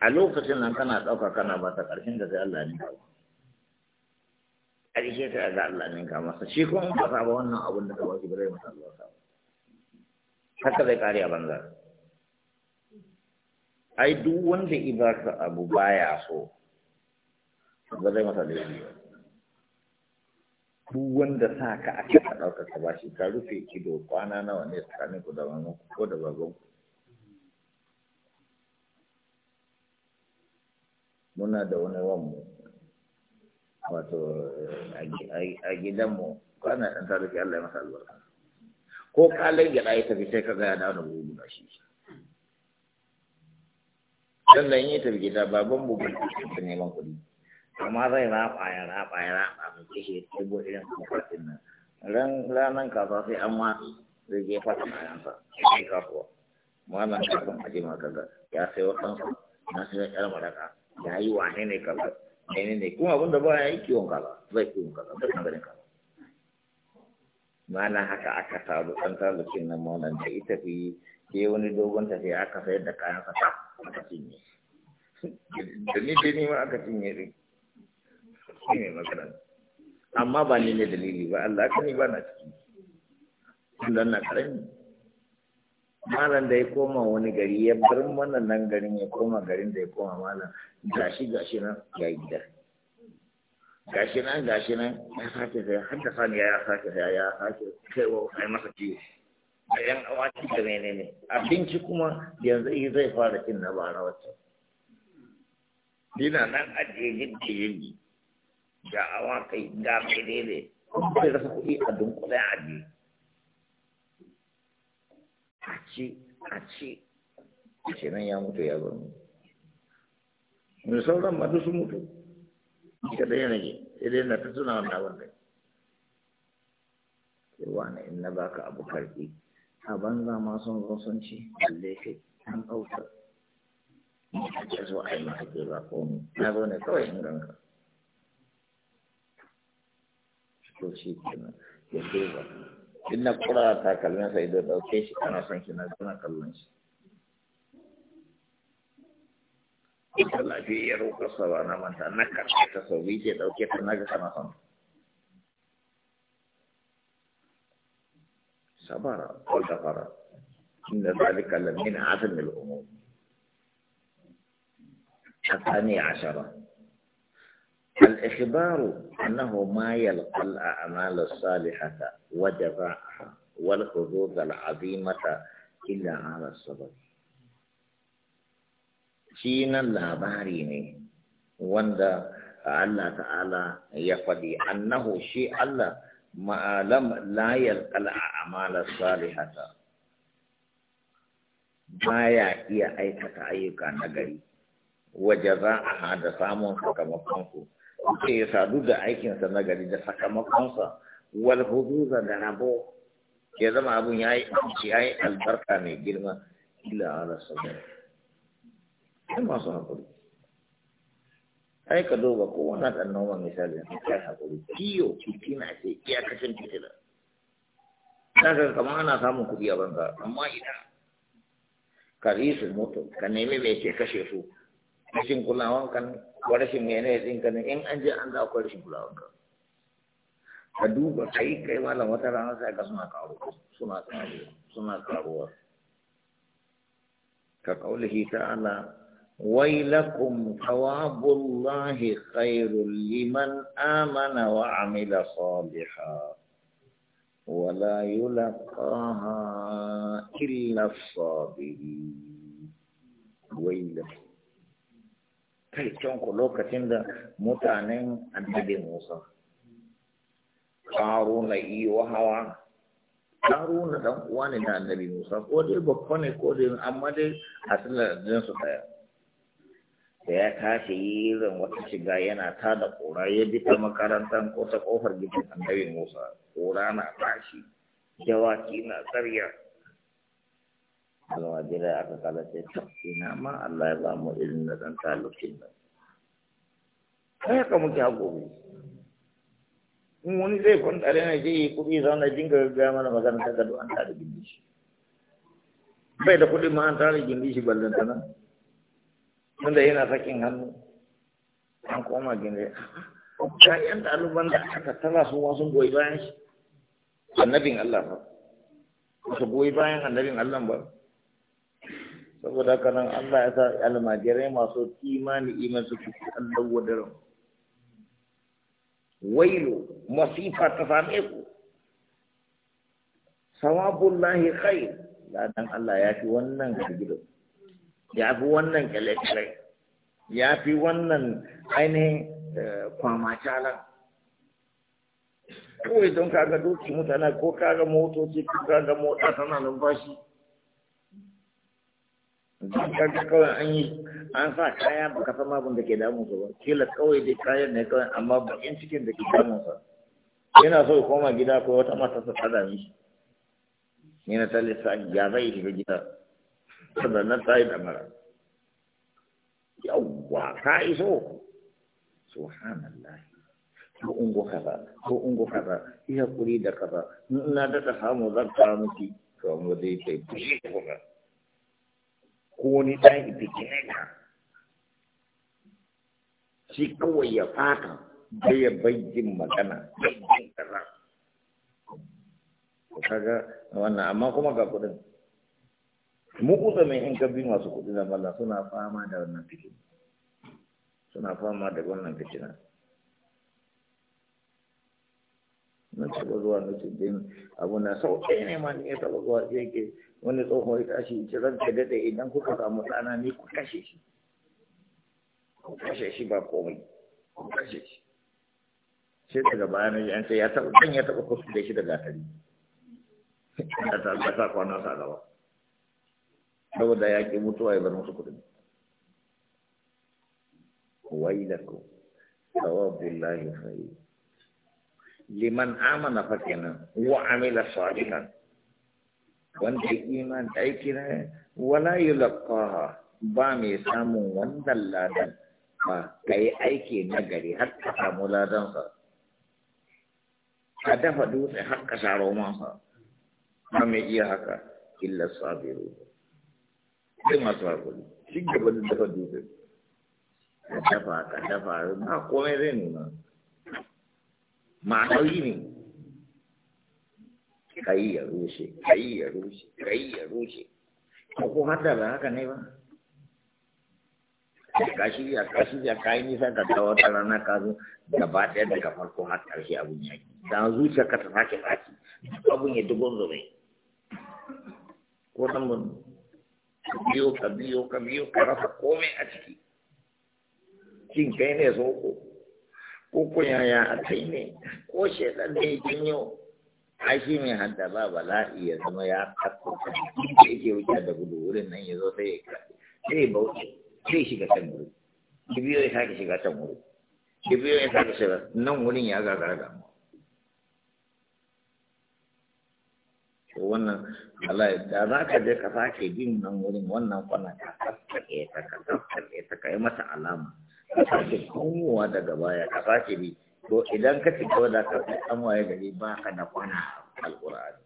a lokacin nan kana ɗauka kana ba ta ƙarshen da sai Allah ne kawo ƙarshe ta ga Allah ne ka masa shi kuma ba ta ba wannan abun da ka ba shi bare masa Allah sa haka zai kare a banza ai duk wanda ibaka abu baya so ba zai masa laifi ba duk wanda sa ka aka ka ɗauka ka ba shi ka rufe ido kwana nawa ne tsakanin ku da mamanku ko da babanku muna da wani wanmu wato eh, a gidanmu kwana ɗan tarihi Allah ya masa albarka ko kalai gyaɗa ya tafi sai ka gaya da wani gudu na shi sannan yi tafi gida baban mu bai kusa neman kuɗi amma zai raɓa ya raɓa ya raɓa mai kishi ta bo irin kofatin nan ran ranar kasuwa sai an ma zai je fata kayansa sai kasuwa wannan kasuwan aje maka ga ya sayo ɗansa na ya mara maraka da yi wa ne kaza ne ne kuma abinda ba ya yi kiwon kaza zai kiwon kaza zai kan ganin kaza mana haka aka taru ɗan tarukin nan maunan da ita fi ke wani dogon tafiya aka sayar da kayan sa aka cinye da ni dai ma aka cinye ne shi ne magana amma ba ni ne dalili ba Allah ka ni ba na ciki dan na karami malam da ya koma wani gari ya bar mana nan garin ya koma garin da ya koma malam gashi gashi nan ya yi gida gashi nan gashi nan ya sake sai har da sani ya sake sai ya sake sai wa ai masa ciwo da yan awaki da menene abinci kuma yanzu yi zai fara cin na bara wacce dina nan ajiye gindi gindi ga awakai ga menene kuma zai rasa kuɗi a dunkule ajiye a ce a ce ce nan ya mutu ya bar mu da sauran ma duk sun mutu ita da yana ke sai dai na ta tuna wannan abin da ke wani in na baka abu karfi a banza ma sun zo sun ci balle kai an ɗauka a ce zo a yi maka ke ba komi na zo ne kawai in ganka to shi kenan ya ke ba in na kura takalmin sai da dauke shi kana son shi na kana kallon shi ita lafiyar kasa ba na manta na karshe ta sau biyu ce dauke ta na ga kana son sabara ko da fara inda zalika lamin asalin al'umur الثاني عشرة الإخبار أنه ما يلقى الأعمال الصالحة وجزاءها والحظوظ العظيمة إلا على الصبر شين اللاباري ني وندا الله تعالى يفدي أنه شيء الله ما لم لا يلقى الأعمال الصالحة ما يا أي ayyuka نجري وجزاء هذا سامون كما sakamakonku ke ya sadu da aikinsa na gari da sakamakonsa wal huduza da rabo ya zama abun ya yi amci ya yi albarka mai girma ila ala sabar sai masu haƙuri ai ka duba kowane ɗan noma misali kai haƙuri kiyo fitina ce iyakacin fitina kaga kamar ana samun kuɗi a banza amma idan ka yi moto ka nemi mai ke kashe su rashin kulawan kan ko rashin mene din kan in an je an za ku rashin kulawan kan ka duba kai kai malam wata rana sai ka suna karuwa suna karuwa suna karuwa ka kaulihi ta'ala wailakum thawabullahi khairul liman amana wa amila salihan ولا يلقاها إلا الصابرين ويلكم kai can ku lokacin da mutanen annabi Musa Karu na wa hawa na dan uwa ne na annabi Musa ko dai babba ne ko dai amma dai asalin da su daya da ya tashi zan wata shiga yana ta da ƙura ya bi ta makarantar ko ta ƙofar gidan annabi Musa ƙora na tashi jawaki na tsariya alwajira aka kala sai ina ma Allah ya ba mu irin da dan talukin nan kai ka muke agogo in wani zai kwanta da yana je yi kuɗi zauna dinga gaggaya mana magana ta gado an tare gindi shi bai da kuɗi ma an tare gindi shi ballon ta nan tunda yana sakin hannu an koma gindi ta yan ɗaliban da aka tara su wasu goyi bayan shi annabin Allah ba su goyi bayan annabin Allah ba saboda haka nan Allah ya sa almajirai masu imani iman su fi Allah wadaran wailu masifa ta same ku sawabullahi khair ladan Allah ya fi wannan gargido ya fi wannan kyale ya fi wannan ainihin eh, kwamacalan kawai don kaga doki mutane ko kaga motoci ko kaga mota tana numfashi Zaka kawai an yi an sa kaya ba ka san abin da ke damun sa ba. Kila kawai dai kayan ne kawai amma bakin cikin da ke damun sa. Yana so ya koma gida ko wata mata ta tsada mishi. Yana ta lissafi ya zai shiga gida. Saboda na ta yi damara. Yawwa ka iso. Subhanallah. ko ungo kaza ko ungo kaza iya kuri da kaza in ina da ta samu zan kawo miki to mu dai kai bishi kuma ko wani ɗan fitine ka shi kawai ya fata da ya bayyana magana bayyana kaza kaga wannan amma kuma ga kuɗin mu kusa mai in kabi masu kuɗi na balla suna fama da wannan fitina suna fama da wannan fitina na taɓa zuwa na cikin abu na sau ɗaya ne ma ni ya taɓa zuwa yake wani tsohon ya tashi ce zan ta daɗe idan kuka samu ɗana ne ku kashe shi ku kashe shi ba komai ku kashe shi sai daga baya na ji an ce ya taɓa ɗan ya taɓa kusa da shi daga gatari ya ta sa kwanan sa gaba saboda ya ƙi mutuwa ya bar musu kuɗin wailakum sawabullahi khair liman amana fa kenan wa amila salihan wanda ya iman da aiki na wala yulqaha ba mai samun wannan ladan ba yi aiki na gari har ka samu ladan ka dafa dutse har ka sharo masa ba mai iya haka illa sabiru sai masu hakuri shi gaba da dafa dutse ka dafa ka dafa ba komai zai nuna ma'anawi ne kai ya rushe kai ya ko hada ba haka ne ba ka shirya ka shirya ka yi nisa ka dawo ta rana ka zo gaba ɗaya daga farko har ƙarshe abun ya ki da zuciya ka ta sake sake abun ya dubon zume ko nan mun biyo ka biyo ka biyo ka rasa komai a ciki Kin kai ne soko ko ko yaya a kai ne ko shaidan ne janyo ai shi mai hadda ba bala'i ya zama ya kasko da yake wuce da gudu wurin nan ya zo sai ya kasko sai bauchi sai shiga can wuri kibiyo ya sake shiga can wuri kibiyo ya sake shiga nan wurin ya gagara mu to wannan Allah da za ka je ka sake bin nan wurin wannan kwana ka kaskake ta ka kaskake ta ka yi mata alama ka sake komowa daga baya ka sake bi to idan ka ci gaba da kafin an waye gari ba ka da kwana alƙur'ani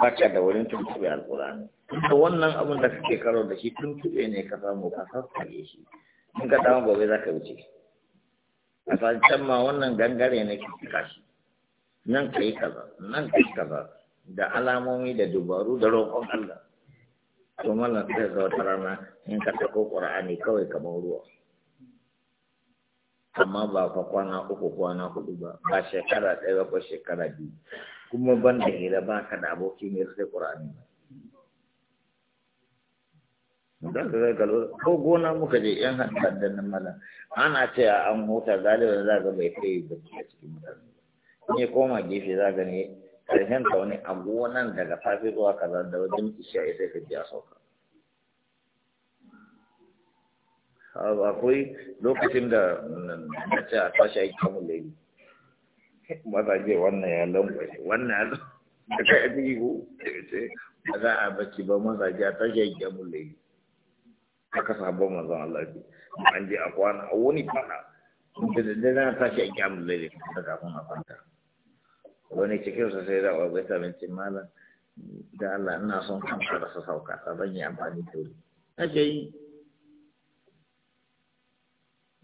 ba ka da wurin tuntuɓe alƙur'ani to wannan abin da kake karo da shi tuntuɓe ne ka samu ka sassage shi in ka dama gobe za ka wuce a can ma wannan gangare ne ke cika shi nan ka yi kaza nan ka yi kaza da alamomi da dubaru da roƙon Allah to mallam sai ga wata rana in ka ko ƙur'ani kawai kamar ruwa amma ba fa kwana uku kwana hudu ba ba shekara ɗaya ba ko shekara biyu kuma ban da hira ba ka da aboki mai sai ƙur'ani ba da ka zai kalo ko gona muka je yan hannun da nan mala ana ce a an huta galiba za ga bai kai ba a cikin mutane in ya koma gefe za ga ne karshen ta wani a gonan daga safe zuwa kaza da wajen isha sai ka biya a sauka akwai lokacin da na ce a tashi aiki kamun laifi je wannan ya lankwashe wannan ya da ka yi ciki ko ba za a bacci ba mazaje a tashi aiki kamun laifi aka sabon manzon Allah bi an je a kwana a wani kwana da zai na tashi aiki kamun laifi da kafin a kwanta wani cikin sa sai da wai sabin malam da Allah ina son kan karasa sauka sauka zan yi amfani da wuri ake yi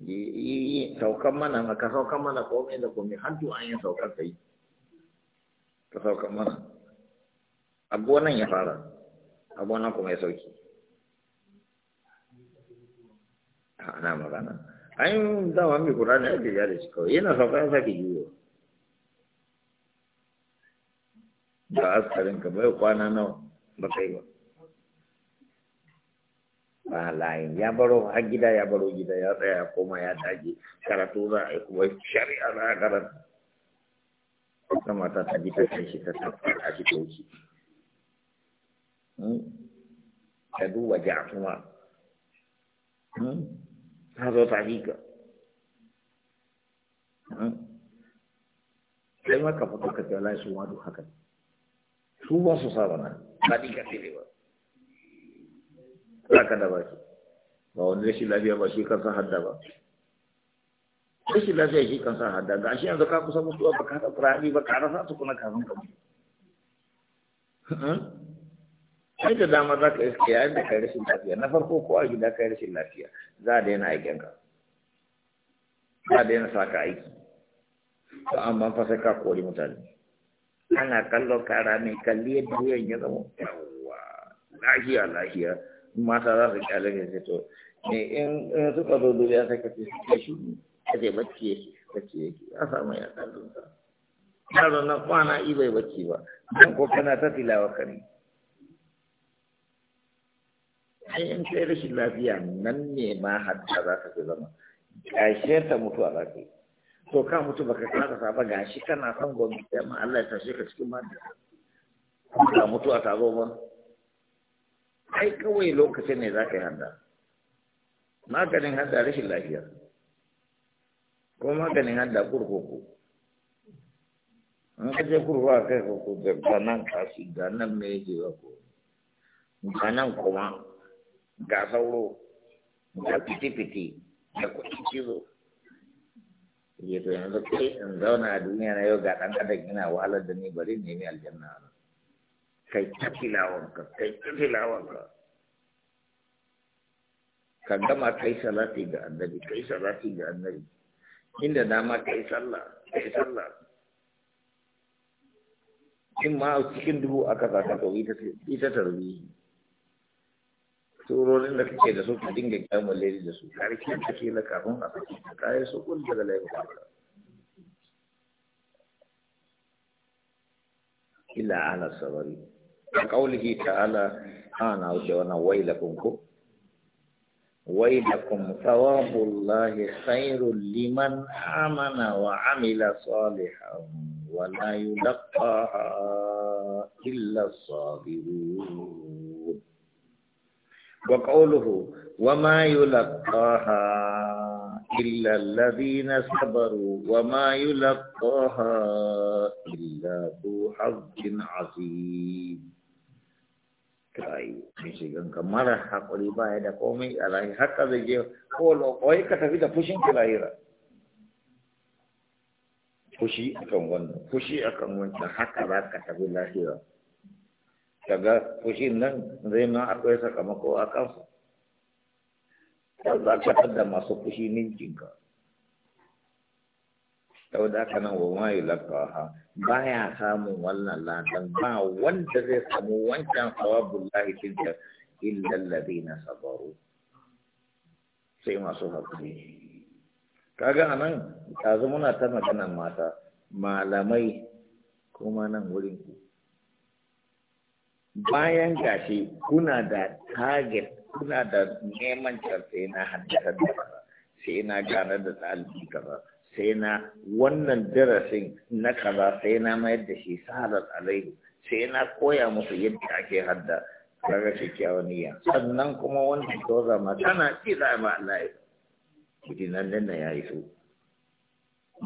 yi saukan mana ma ka saukan mana komai da komai har an yi saukan ta yi ka saukan mana a gonan ya fara a gonan kuma ya sauki ana magana an yi dama mai kura ne ake ya shi kawai yana saukan ya sake juyo da askarin ka bai kwana nawa ba kai ba ba ya baro a gida ya baro gida ya tsaya ya koma ya daji karatu za a yi kuma shari'a za a karanta ta mata ta ji ta kai shi ta tafi a shi ɗauki hmm? ta duba a kuma hmm? ta zo ta fi hmm? ka sai maka fito ka kyala su ma haka su ba su saba na ba ɗi ka ne ba za ka da shi ba wani rashin lafiya ba shi kansa hadda ba rashin lafiya shi kansa hadda ga shi yanzu ka kusa mutuwa ba ka haɗa ƙura'ani ba ka rasa su kuna kafin ka mutu ai da dama za ka iske yayin da kai rashin lafiya na farko ko a gida kai rashin lafiya za a daina ka za a daina sa ka aiki to amma fa sai ka kori mutane ana kallo kara ne kalli yadda wuyan ya zama yawwa lahiya lahiya mata za su kyale ne to ne in suka zo duniya sai ka ce suke shi ne ka ce bacci yake bacci yake a samu ya kallon sa yaro na kwana i bai bacci ba don ko kana ta tilawa kare ai in kai rashin lafiya nan ne ma hatta za ka fi zama gashe ta mutu a lafiya to ka mutu baka kasa saba gashi kana son gobe amma Allah ya tashe ka cikin mata ka mutu a taro ba ai kawai lokacin ne za ka yi handa maganin handa rashin lafiya ko maganin handa kurkuku an kaje kurwa kai kurkuku ga nan kashi ga nan mai yake ba ko ga kuma ga sauro ga fiti-fiti da kuɗi cizo ya yanzu kai in zauna a duniya na yau ga ɗan adam yana wahalar da ni bari nemi aljanna kai ta tilawanka kai ta tilawanka ka gama kai salati ga annabi kai salati ga annabi inda dama kai sallah kai sallah in ma cikin dubu aka zaka to ita tarbihi surorin da kake da su ka dinga kyamun lairi da su karshen ta ke na kafin a saki ta kayan su kun daga laifuka Ila ala sabari كقوله تعالى أنا وشوانا ويلكم ويلكم ثواب الله خير لمن آمن وعمل صالحا ولا يلقاها إلا الصابرون وقوله وما يلقاها إلا الذين صبروا وما يلقاها إلا ذو حظ عظيم kai mai shigan ka mara haƙuri baya da komai a lahi haka zai je ko lokoi ka tafi da fushin ka lahira fushi akan wannan fushi akan wancan haka za ka tafi lahira daga fushin nan zai ma akwai sakamako a kansa za ka da masu fushi ninkinka sau da aka nan wa mayu lakawa ba ya samun wannan ladan ba wanda zai samu wancan sawabun lahi tilka illallabi na sabaru sai masu hakuri kaga a nan yanzu muna ta maganan mata malamai kuma nan wurin ku bayan gashi kuna da target kuna da neman sai na haddasa da sai na gane da ɗalibi kaza sai na wannan darasin na kaza sai na mayar da shi sahalar alaihi sai na koya musu yadda ake hadda kaga kyakkyawan niyya sannan kuma wanda ta zama tana kira ma Allah idan nan ya yi so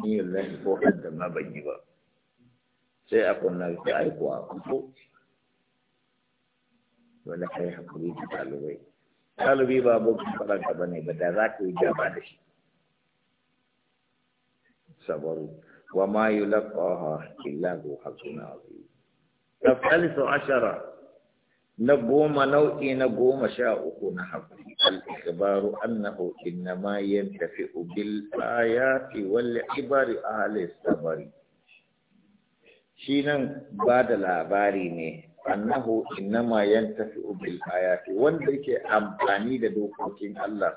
ni Allah ko hadda ma ban yi ba sai a kunna ta aiko a kuso wala kai hakuri da talibai talibi ba bokin ba gaba ne ba da za ka yi gaba da shi صبروا وما يلقاها إلا ذو حظ عظيم الثالث عشر نقوم نوئي نقوم شاؤه نحق الإخبار أنه إنما ينتفئ بالآيات والعبر أهل الصبر شينا بعد العبارين أنه إنما ينتفئ بالآيات وانذلك أمباني لدوكوكين الله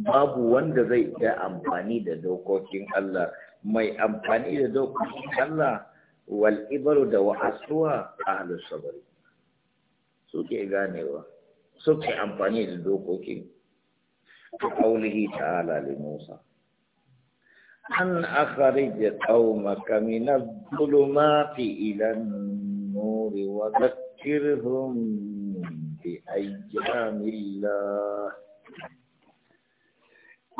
babu wanda zai iya amfani da dokokin Allah mai amfani da dokokin Allah wal ibaru da wa'asuwa ahlus sabri suke ganewa suke amfani da dokokin kaulihi ta'ala li Musa an akhrij qaumaka min adh-dhulumati ila an-nur wa zakirhum bi ayyamillah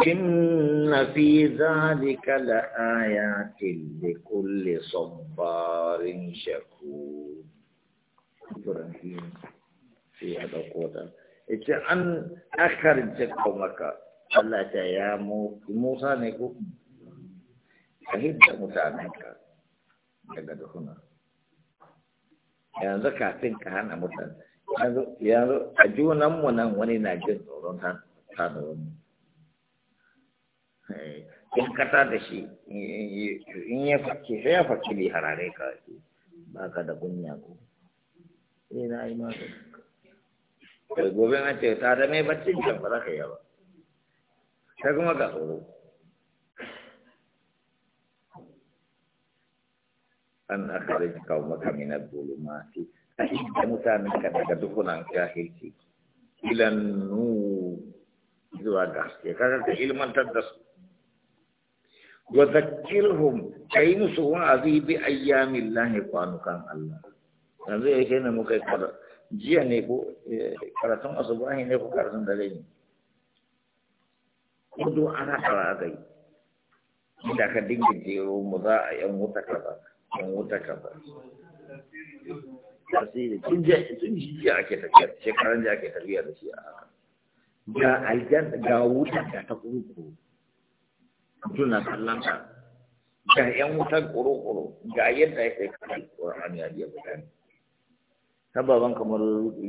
إن في ذلك لآيات لكل صبار شكور إبراهيم في هذا القوة إذا أن آخر قومك الله تعالى موسى نكو أهد متعنك daga huna yanzu kafin ka hana mutane yanzu a junanmu nan wani na jin tsoron ta da wani Eh, in kasa da shi in ya fakke sai ya fakke bai harare ka ce ba ka da gunya ko sai eh, na yi maka kai gobe na ce ta da mai baccin can ba za ka yi ba ta kuma tsoro an akari kawo maka minar a inda mutanen ka daga dukunan jahilci ilan wa zakkirhum kai musu wa'azi bi ayyamin lahi kwanukan Allah yanzu yake ne muka yi jiya ne ko eh, karatun asubahi ne ko karatun dare ne kudu ana tara gai inda ka dinga jero mu za a yan wuta kaza yan wuta kaza tasiri tun jiya tun jiya ake tafiya shekaran jiya ake tafiya da shi a haka ga aljanna ga wuta da ta kurkuru tuna kallon ka ga yan wutar kuro-kuro ga yadda ya kai kai ƙur'ani ya biya mutane sababan kamar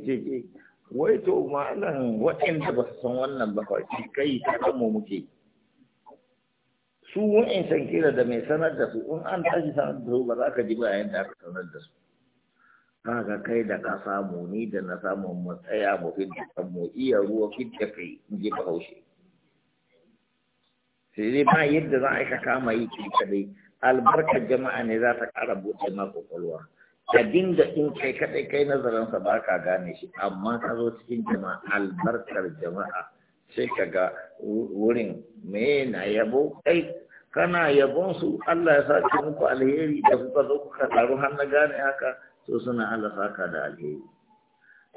ce ce wai to malam waɗanda ba su san wannan ba kawai kai ta kamo muke su wa'in san kira da mai sanar da su in an tashi sanar da su ba za ka ji ba da aka sanar da su kaga kai da ka samu ni da na samun mu tsaya mu mu iya ruwa da kai in ji bahaushe sai ba yadda za a kama yi ce kadai albarkar jama'a ne za ta ƙara buɗe ma kwakwalwa ka dinga in kai kadai kai nazarinsa ba ka gane shi amma ka zo cikin jama'a albarkar jama'a sai ka ga wurin me na yabo kai kana yabon su Allah ya sake muku alheri da kuka zo kuka taru har na gane haka so suna Allah saka da alheri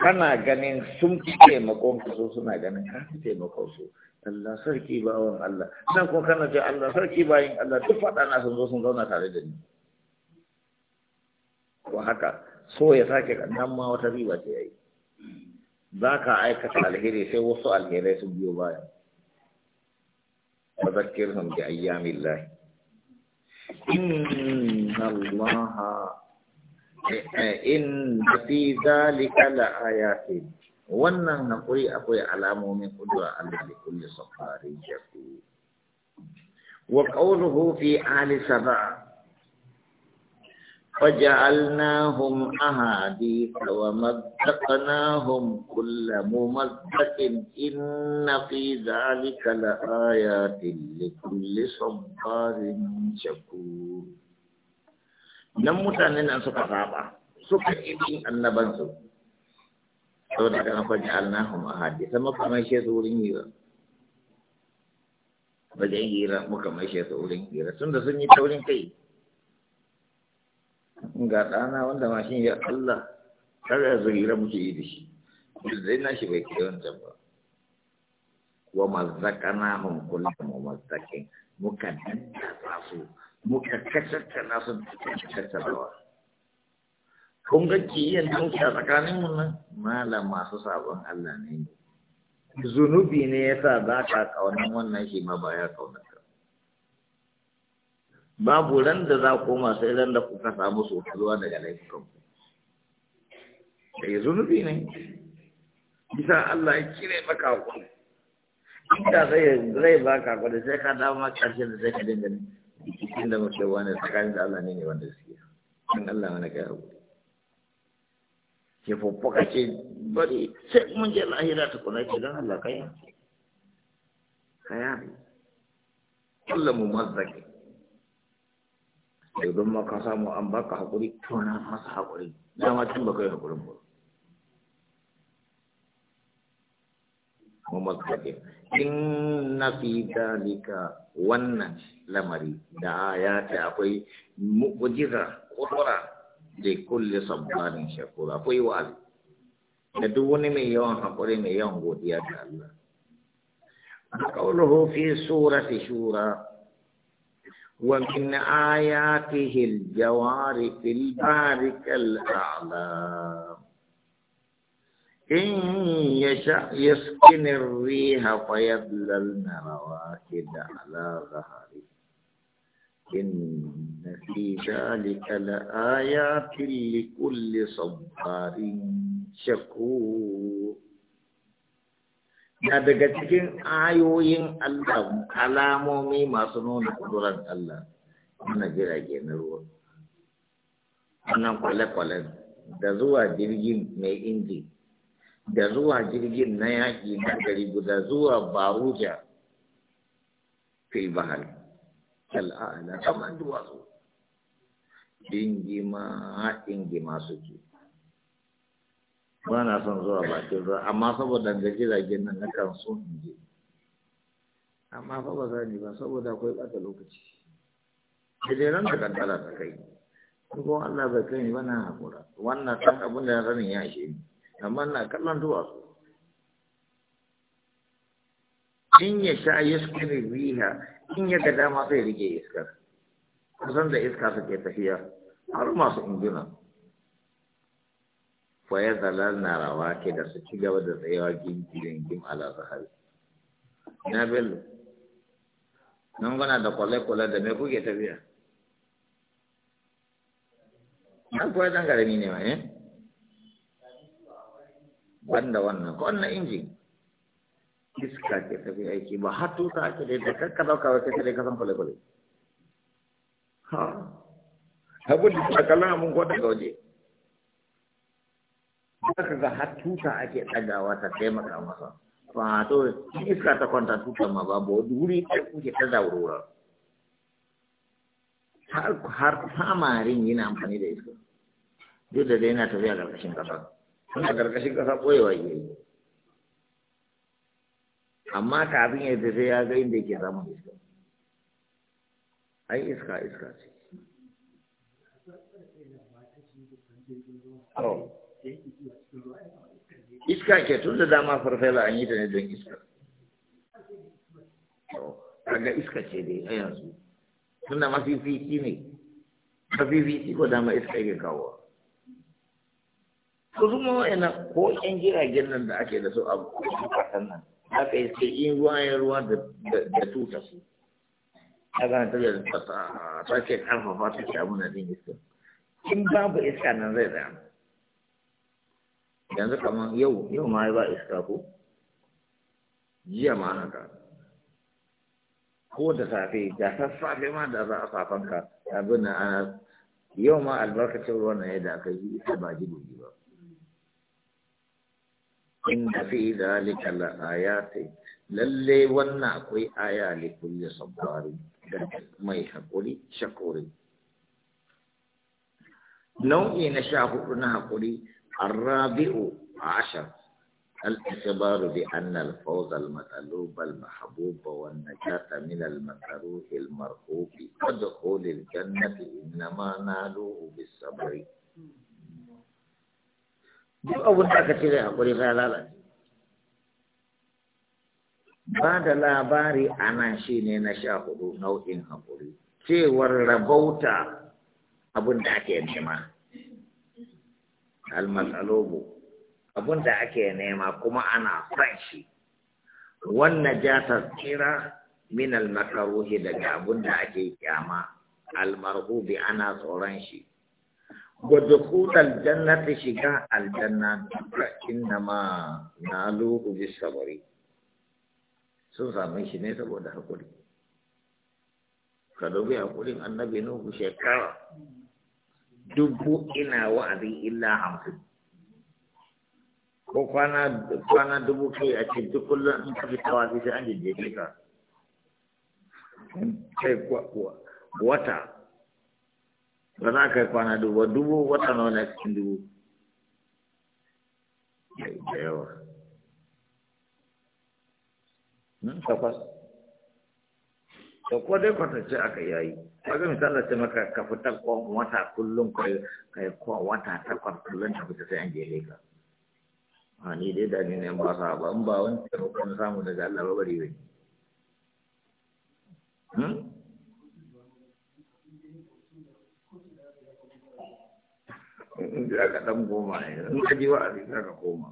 kana ganin sun fi taimakon su so suna ganin ka fi taimakon su Allah sarki wa Allah nan ko kana ce Allah sarki bayin Allah duk faɗa na sun zo sun zauna tare da ni ko haka so ya sake nan ma wata riba ce yayi za ka aikata alheri sai wasu alherai sun biyo baya hum bi ayyamillah inna allaha eh, eh, in fi zalika la ayatin wannan haƙuri akwai alamomin kudura Allah da kulle safari ya fi wa ƙauruhu fi ali sara faja'alnahum ahadith wa mazzaqnahum kulla mumazzaqin inna fi zalika la'ayatin li kulli sabarin shakur nan mutane nan suka saba suka yi annabansu sau da kan faɗi alnahum a hadisa muka mai shi wurin hira wajen hira muka mai shi wurin hira tun da sun yi taurin kai ga ɗana wanda mashin ya Allah kada ya zo hira muke yi da shi zai na shi bai kai wancan ba wa mazakanahum kullum wa mazakin muka danta su muka da su cikin kacaccanawa kun ga kiyayen dauki a tsakanin mu nan malam masu sabon Allah ne zunubi ne yasa za ka kaunan wannan shi ma ba ya kauna ka babu ran da za ku masu ran da kuka samu sotarwa daga laifukan ku sai eh, zunubi ne bisa Allah ya kire maka hakuri inda zai zai baka hakuri sai ka dawo maka karshen da sai ka dinga cikin da muke wani tsakanin da Allah ne ne wanda suke in Allah mana kai abu. ke fuffuka ce bari sai mun je lahira ta kuna ce don Allah kai kaya Allah mu mazzaki sai don maka samu an baka hakuri to na masa hakuri ma tun baka yi hakurin ba mu mazzaki na fi dalika wannan lamari da ya ce akwai mu'jiza kudura لكل صبار شكورا أقوي والي تدوني من حقوري من يوم قوديا قوله في سورة شورى ومن آياته الجوار في البار كالأعلام إن يشأ يسكن الريح فيضللن رواكد على ظهره إن في ذلك لآيات لكل صبار شكور na daga cikin ayoyin Allah alamomi masu nuna kudurar Allah wannan jirage na ruwa wannan kwale-kwale da zuwa jirgin mai inji da zuwa jirgin na yaƙi na gari guda zuwa baruja fil bahari kal'a'ala kamar duwatsu dingima ingima suke ba na son zuwa bakin zuwa amma saboda da jiragen nan na kan so in je amma fa ba ni ba saboda akwai bata lokaci sai ran da kankara ta kai ko Allah bai kai ba na hakura wannan san abin da ranin ya shi amma na kallon duwatsu in ya sha yaskuri riha in yadda dama sai rike iskar kusan da iska suke tafiya har masu injina fa ya zalar na rawa ke da su ci gaba da tsayawa gingirin gim ala zahari na bello nan gana da kwale-kwale da mai kuke tafiya na kuwa dan garami ne ma eh Wanda wannan ko wannan injin iska ke tafi aiki ba har tuta ake da ita kakka dauka wa kasa dai kasan kwale-kwale ha hagu da ta kallon mun ko daga waje zaka ga har tuta ake ɗagawa ta taimaka masa ba to iska ta kwanta tuta ma babu wani wuri ta kuke ta zaurura har samarin na amfani da iska duk da dai yana tafiya ƙarƙashin ƙasa a ƙarƙashin ƙasa ɓoyewa yi amma kafin ya tafi ya ga inda yake samun iska ai iska iska ce iska ke tun da dama farfela an yi ta ne don iska kaga iska ce dai a yanzu tun da mafifici ne mafifici ko dama iska yake kawo su zuma wa'ina ko yan jiragen nan da ake da su a kasan nan haka yi sai in ruwa ya ruwa da tuta su ta ga ta da ta ce karfafa ta ce abu na din iska in babu iska nan zai tsaya yanzu kamar yau yau ma ba iska ko jiya ma haka ko da safe da sassafe ma da za a safanka abin na ana yau ma albarkacin ruwan na yadda aka yi iska ba ji إن في ذلك لآيات للي ونا أكوي آية لكل صبار ما يحقولي شكوري نوعي نشاهدنا حقولي الرابع عشر الاعتبار بأن الفوز المطلوب المحبوب والنجاة من المكروه المرغوب ودخول الجنة إنما نالوه بالصبر duk abun da aka cire hakuri sai lalace ba da labari a nan shi ne na sha hudu nau'in hakuri cewar rabauta abin da ake nema almasalobu abin da ake nema kuma ana son shi wannan jatar tsira min almakaruhi daga abin da ake kyama almarhubi ana tsoron shi shiga ودخول الجنة شجاع na إنما bi بالصبر sun samu shi ne saboda haƙuri ka dubi haƙurin annabi nuhu shekara dubu ina wa'azi illa hamsin ko kwana kwana dubu kai a ce duk kullum in ka fita wa'azi sai an jejjeje ka kai kuwa wata ba za ka yi kwana dubu dubu wata na wani cikin dubu da yawa nan hmm, takwas to ko dai kwatance aka yayi kaga misali ce maka ka fita wata kullum ka yi kwa wata takwas kullum ta fita sai an je leka a ni dai da ni ne ba sa ba in ba wani taimakon samu daga Allah ba bari bai hmm? za ka ɗan goma ne in ka ji wa'azi za ka koma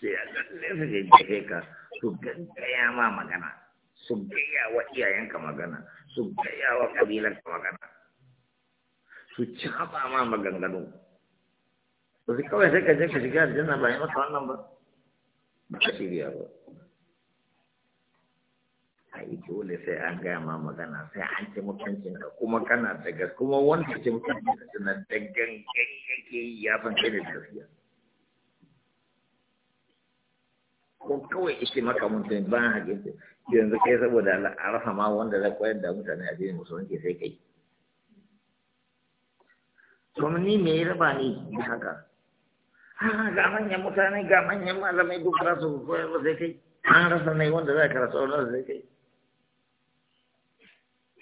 sai a lalle su je jefe ka su gaggaya ma magana su gaya wa iyayenka magana su gaya wa ƙabilanka magana su caɓa ma maganganu ba su kawai sai ka je ka shiga aljanna ba yi masa wannan ba ba ka shirya ba a yi sai an gaya ma magana sai an ci mutuncinka kuma kana daga kuma wanda ci mutuncinka suna da gangan yake ya san kai da gaskiya ko kawai ishe maka mutum ba a gefe yanzu kai saboda a rasa ma wanda zai koyar da mutane a jini musulunci sai kai to ni me ya raba ni da haka ah, ga manyan mutane ga manyan malamai duk rasu koyar ba sai kai an rasa ne wanda zai karatu wanda sai kai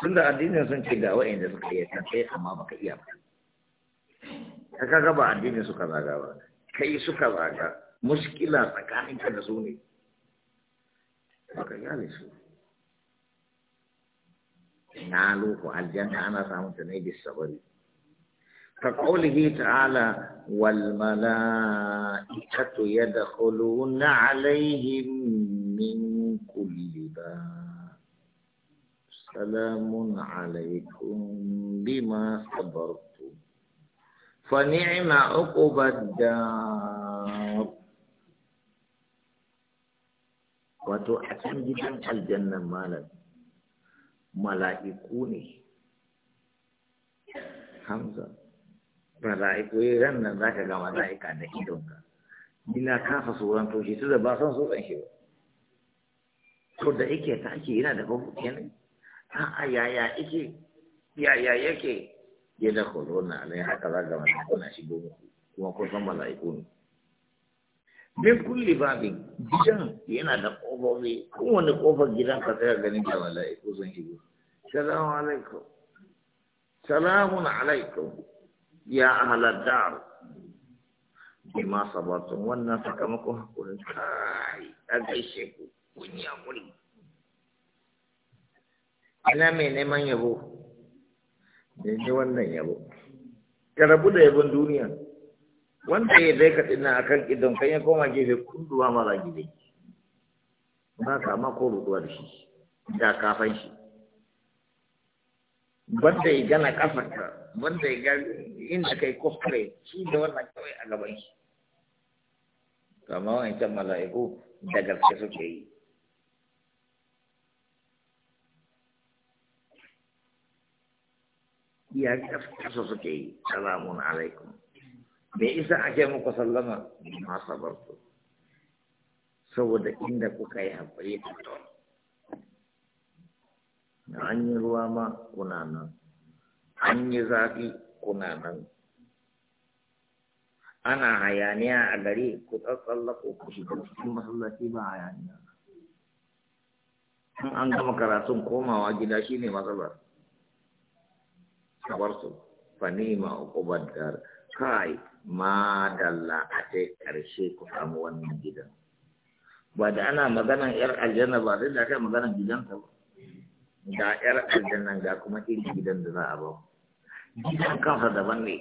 tun da addinin sun ce ga wa'inda suka yi kan kai amma baka iya ba ka kaga ba addinin suka zaga ba kai suka zaga muskila tsakanin ka da su ne baka gane su na loko aljanna ana samun ta ne bisa bari كقوله تعالى kulu na عليهم min كل ba. سلام عليكم بما صبرتم فنعم عقب الدار wato a can gidan aljannan malam mala'iku ne hamza mala'iku yi eh, ran nan za ka ga mala'ika da idonka ina kafa tsoron toshe su da ba son tsoron shi ba to da yake ta ake yana da babu kenan a'a yaya ike yaya yake ya da corona ne haka za ga mutum kuna shigo muku kuma kun san mala'iku ne bin kulli babin gidan yana da kofofi wani kofar gidan ka tsaya ganin da mala'iku sun shigo salamu alaikum salamun alaikum ya ahlal dar bima sabartum wannan sakamakon hakurin kai a gaishe ku kun yi ana mai neman yabo da ne wannan yabo ka rabu da yabon duniya wanda ya zai kaɗi na akan idon kan ya koma gefe kunduwa mara gide ba ka ma ko rutuwa da shi da kafan shi banda ya gana kafarka banda ya gani inda kai kuskure shi da wannan kawai a gaban shi kama wancan mala'iku da gaske suke yi iya kasa suke yi salamun alaikum me isa ake muku sallama ma sabartu saboda inda kuka yi haƙuri ta ton na an yi ruwa ma kuna nan an yi zafi kuna nan ana hayaniya a gari ku tsatsallako ku shiga cikin masallaci ba hayaniya in an gama karatun komawa gida shine matsalar kabar su fanima uqubat dar kai ma dalla a sai karshe ku samu wannan gidan ba da ana maganan yar aljanna ba sai da kai maganan gidan ba da yar aljanna ga kuma irin gidan da za a ba gidan kansa daban ne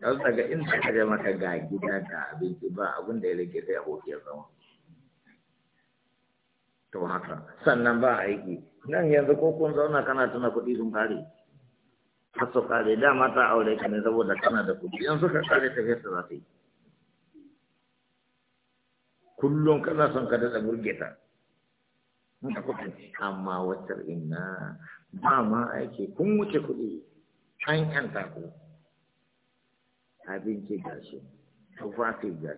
don daga in ka je maka ga gida ga abinci ba abin da ya rage sai abokiyar zama to haka sannan ba aiki nan yanzu ko kun zauna kana tuna kuɗi sun kare har kare dama ta aure ka ne saboda kana da kuɗi yanzu ka kare tafiyar ta za ta yi kullum kana son ka daɗa burge ta amma wata inna ba ma aiki kun wuce kuɗi an yanta ku abinci gashi tufafi ga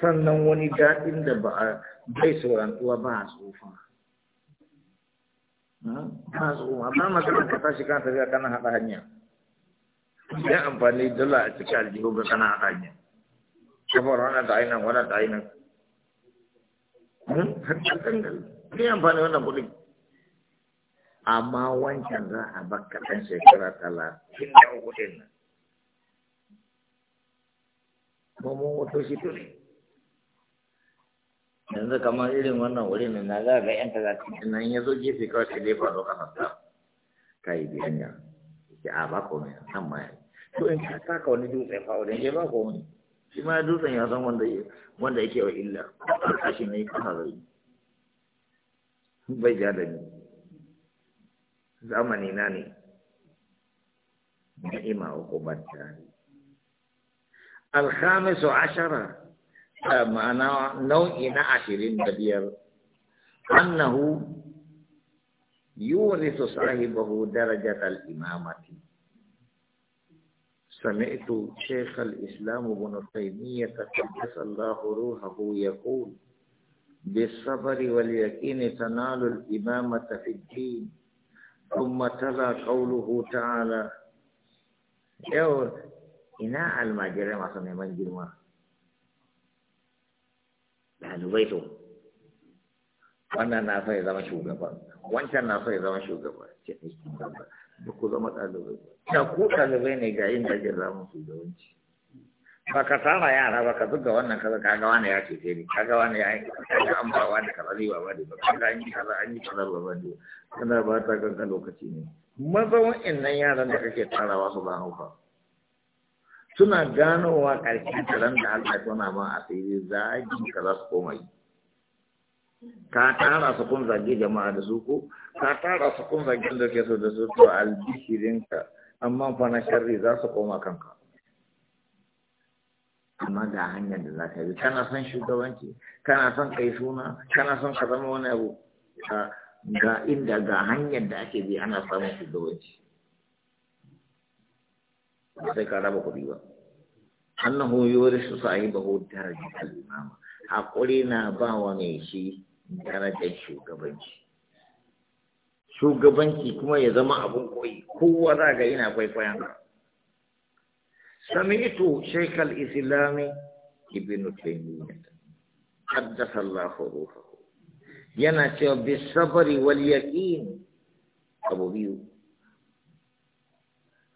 sannan wani daɗin da ba a bai tuwa ba a tsufa masu amma magana ka tashi kan tafiya kana haɗa hanya ya amfani dala a cikin aljihu ga kana haɗa hanya kafar wani da ainihin wani da ainihin ne amfani wannan kuɗi amma wancan za a baka ɗan shekara talatin da uku ɗin nan. Mamman wato shi tuni. yanzu kamar irin wannan wurin ne na za ga yan talatin nan ya zo gefe kawai sai dai faru kan sa ka yi bi hanya ki a ba komai nan ma to in ka saka wani dutse fa wurin ya ba komai shi ma dutsen ya san wanda wanda yake wa illa A shi ne kasa zai bai ja da ni zamani na ne ni'ima uku batta الخامس ashara. ma'ana nau'i na ashirin da biyar annahu yurisu sahibahu darajatal imamati سمعت شيخ الإسلام ابن تيمية قدس الله روحه يقول بالصبر واليقين تنال الإمامة في الدين ثم تلا قوله تعالى يو إنا المجرم أصلا من جرمه ɗalibai to wannan na so ya zama shugaba wancan na so ya zama shugaba ce aiki da ku zama ɗalibai da ku ɗalibai ne ga yin da ke zama shugabanci ba ka tara yara ba ka zuga wannan kaza ka ga wani ya ce sai ni ka ga wani ya yi kaza an ba wani kaza zai ba wani ba ka ga an yi kaza an yi kaza ba wani kana ba ta ganga lokaci ne mazawan innan yaran da kake tarawa su ba hauka suna ganowa ƙarshen taron da Allah tana ma a tsiri zagin ka za su koma yi ka tara su kun zage jama'a da su ko ka tara su kun zage da ke so da su to albishirin ka amma fa na sharri za su koma kanka amma ga hanyar da za ka bi kana son shugabanci kana son kai suna kana son ka zama wani abu ga inda ga hanyar da ake bi ana samun shugabanci ba sai ka raba kuɗi ba annahu yurisu sahibahu darajatal imama hakuri na ba wa mai shi darajar shugabanci shugabanci kuma ya zama abun koyi kowa za ga yana kwaikwayon ka sami'tu shaykh islami ibn taymiyyah haddasa Allah ruhahu yana cewa bisabari wal yaqin abu biyu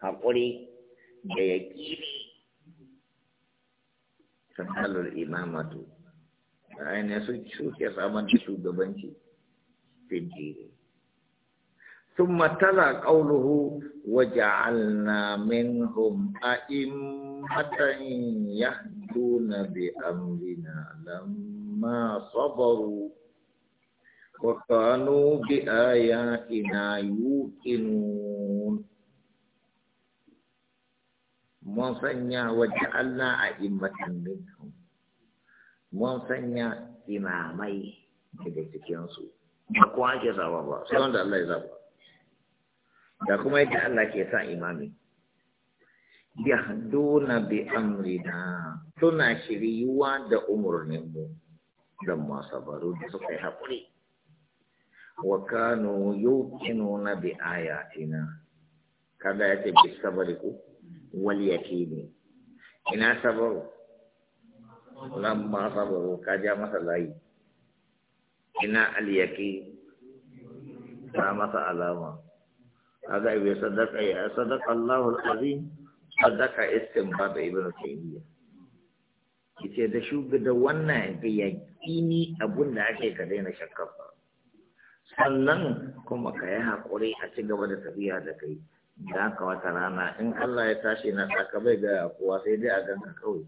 haƙuri da ya kiri sanalar imamatu da ainihin sun suke samar da shugabanci fijiri sun matala ƙauluhu waja'alna minhum a'immatan yahduna bi amrina lamma sabaru wa kanu bi ayatina yuqinun mun sanya wa Allah a immatan minhum mun sanya imamai daga cikinsu da kuma ake zaba ba sai wanda Allah ya zaba da kuma yadda Allah ke sa imami yahduna bi amrina suna shiriyuwa da mu da masu baro da suka yi haƙuri wa kano yau bi ayatina kada ya ce bi sabari ku wal ne. ina sabaru ba sabaru kaja masa layi ina aliyaki ka ta masa alama aga ibe sadaka ya sadaka Allahul azim sadaka istinbat ibnu Ki ce da shuga da wannan da yaƙini abun da ake ka daina shakka sannan kuma ka yi haƙuri a ci gaba da tafiya da kai da aka wata rana in Allah ya tashi na saka bai ga kowa sai dai a ganka kawai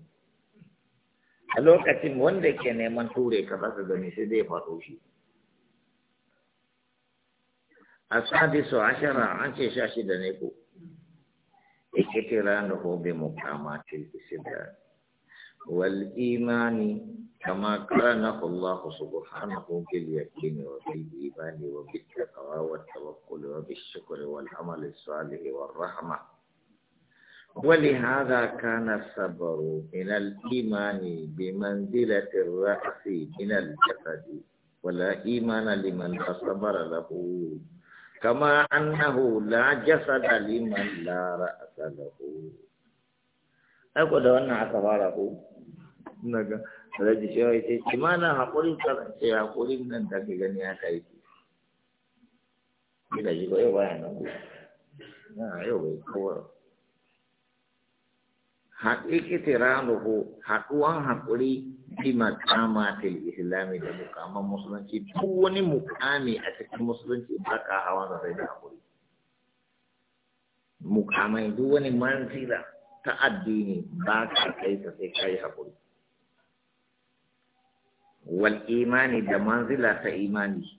a lokacin wanda ke neman ture ka za ka gani sai dai faɗo shi a su ashara an ce shashi shida ne ko ikitira da hobe mukamatin isidari والإيمان كما كانه الله سبحانه باليقين وبالإيمان وبالتقوى والتوكل وبالشكر والعمل الصالح والرحمة ولهذا كان الصبر من الإيمان بمنزلة الرأس من الجسد ولا إيمان لمن لا صبر له كما أنه لا جسد لمن لا رأس له أقول أن أكبره ina ga alhaji shewa ya ce kimanin haƙurin karance haƙurin nan da ke gani haka yake ina ji ba yau baya nan gobe na yau bai kowa haƙiƙitiranuhu haɗuwan haƙuri bi makamatil islami da mukaman musulunci duk wani mukami a cikin musulunci ba ka hawa da sai da haƙuri mukamai duk wani mansila ta addini ba ka kai ta sai kai haƙuri wal imani da manzila ta imani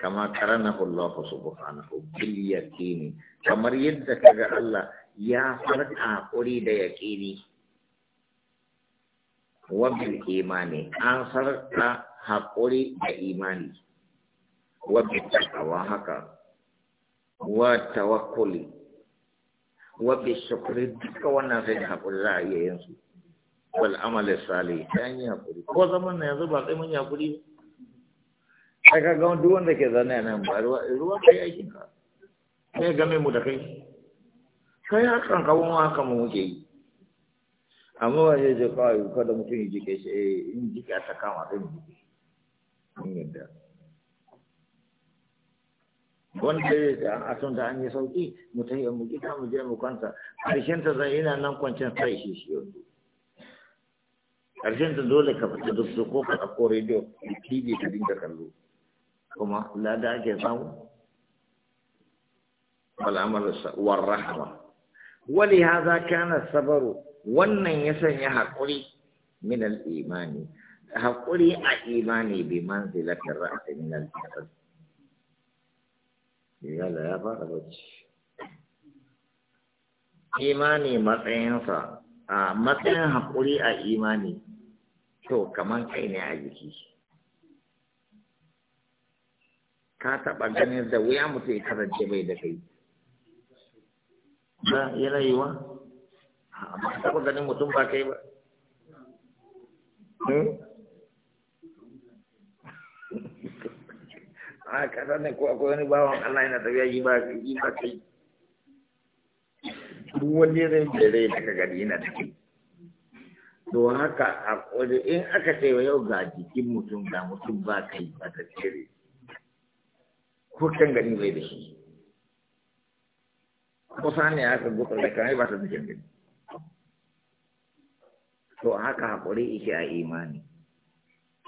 kama karanahu Allah subhanahu bil yaqini kamar yadda kaga Allah ya farka hakuri da yaqini wa bil imani an farka hakuri da imani wa bil taqwa haka wa tawakkuli wa bil shukri duka wannan sai hakuri za a iya yin su wal amale sali dan hakuri? kuri ko zaman na yanzu ba kai mun ya kuri sai ka ga duk wanda ke a nan ba ruwa ruwa kai aikin ka Kai game mu da kai kai har kan kawo mu haka mu muke yi amma ba zai je kawai kada mutum ya jike shi eh in jike ta kama sai mu jike mun yadda wanda ya a son da an yi sauki mu ta muke mu mu je mu kwanta karshen ta zai ina nan kwanciyar sai shi shi yanzu ارجنت دوله کبه د سکو په اقورې دی کیږي چې دین درلو کومه لا دا کې ساو نعم؟ بل عمل ورحمه ولهذا كان الصبر ونن يسن يا حقري من الايمان حقري ايمان بمنزله الرأس من الجبل يلا يا بارك ايماني متين سا آه، متين حقري ايماني to kaman kai ne a jiki ka taɓa ganin da wuya mutum ya kasance bai da kai ba yana yiwa amma taɓa ganin mutum ba kai ba hmm? a [laughs] ah, kasa ne ko akwai wani bawan Allah yana tafiya yi ba yi ba kai duk wani zai rai daga gari yana da kai to haka a in aka ce wa yau ga jikin mutum ga mutum ba kai ba ta cire kukan gani bai da shi kusa ne aka gukar da kamar ba ta da gani to haka haƙuri ishe a imani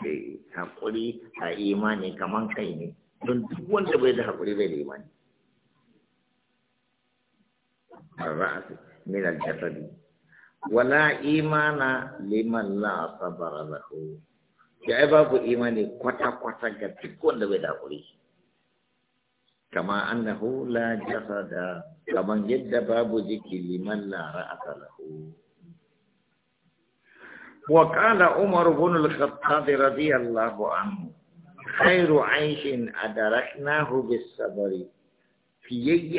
eh, haƙuri a imani kamar kai ne don duk wanda bai da haƙuri bai da imani الرأس من jasadi. wala imana liman la sabara lahu ya ai babu imani kwata kwata ga duk wanda bai dakuri kama annahu la jasada kaman yadda babu jiki liman la ra'ata lahu وقال عمر بن الخطاب رضي الله عنه خير عيش أدركناه بالصبر في يجي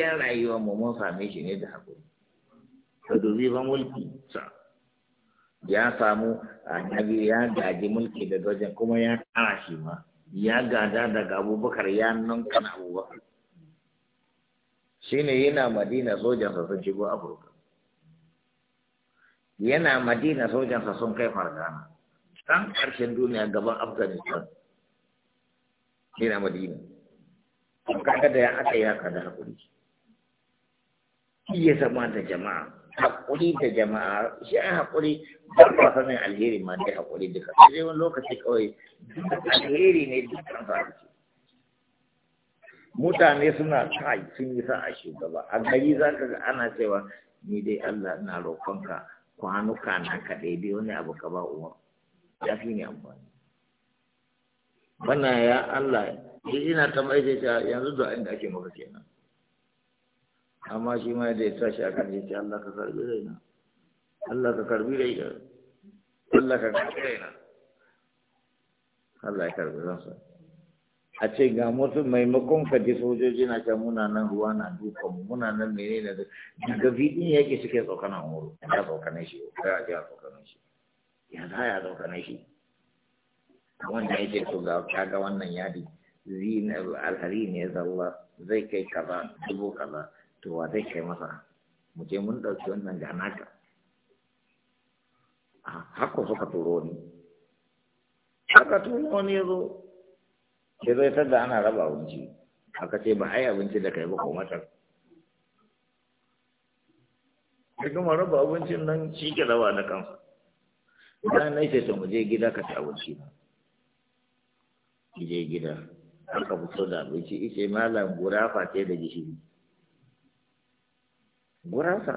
shi ne da ندهكم ka dubi ban mulki sa ya samu annabi ya gaji mulki da wajen kuma ya kara shi ma ya gada daga abubakar ya nanka na abubakar shine yana madina sojansa sun shigo afirka yana madina sojansa sun kai fargana can ƙarshen duniya gaban afghanistan yana madina kaga da ya aka yi haka da hakuri iya zama da jama'a haƙuri da jama'a shi an haƙuri ba ka sanin alheri ma dai haƙuri duka sai wani lokaci kawai alheri ne dukkan sarki mutane suna kai sun yi sa a shugaba a gari za ka ga ana cewa ni dai Allah na roƙonka kwanuka na ka daidai wani abu ka ba uwa ya fi ni amfani bana ya Allah ina ta mai yanzu da inda ake maka kenan amma shi ma yadda ya tashi a kan yake Allah ka karbi raina Allah ka karbi raina Allah ka karbi raina Allah ya karbi ransa a ce ga mutum maimakon ka ji sojoji na ce muna nan ruwa na dukan muna nan mene na da daga bidin yake suke tsokana umaru ya tsokane shi ya ya tsokane shi ya za ya tsokane shi wanda ya ce ga kaga wannan yadi zina alhari ne zalla zai kai kaza dubu kaza to wa zai kai masa mu je mun ɗauki wannan ga naka haka suka turo ni haka turo ni zo sai zai tada ana raba abinci aka ce ba ai abinci da kai ba ko matar ka kuma raba abincin nan shi ke raba na kansa idan na ce to mu je gida ka ci abinci na ki je gida aka fito da abinci ice malam gurafa ce da gishiri gurasa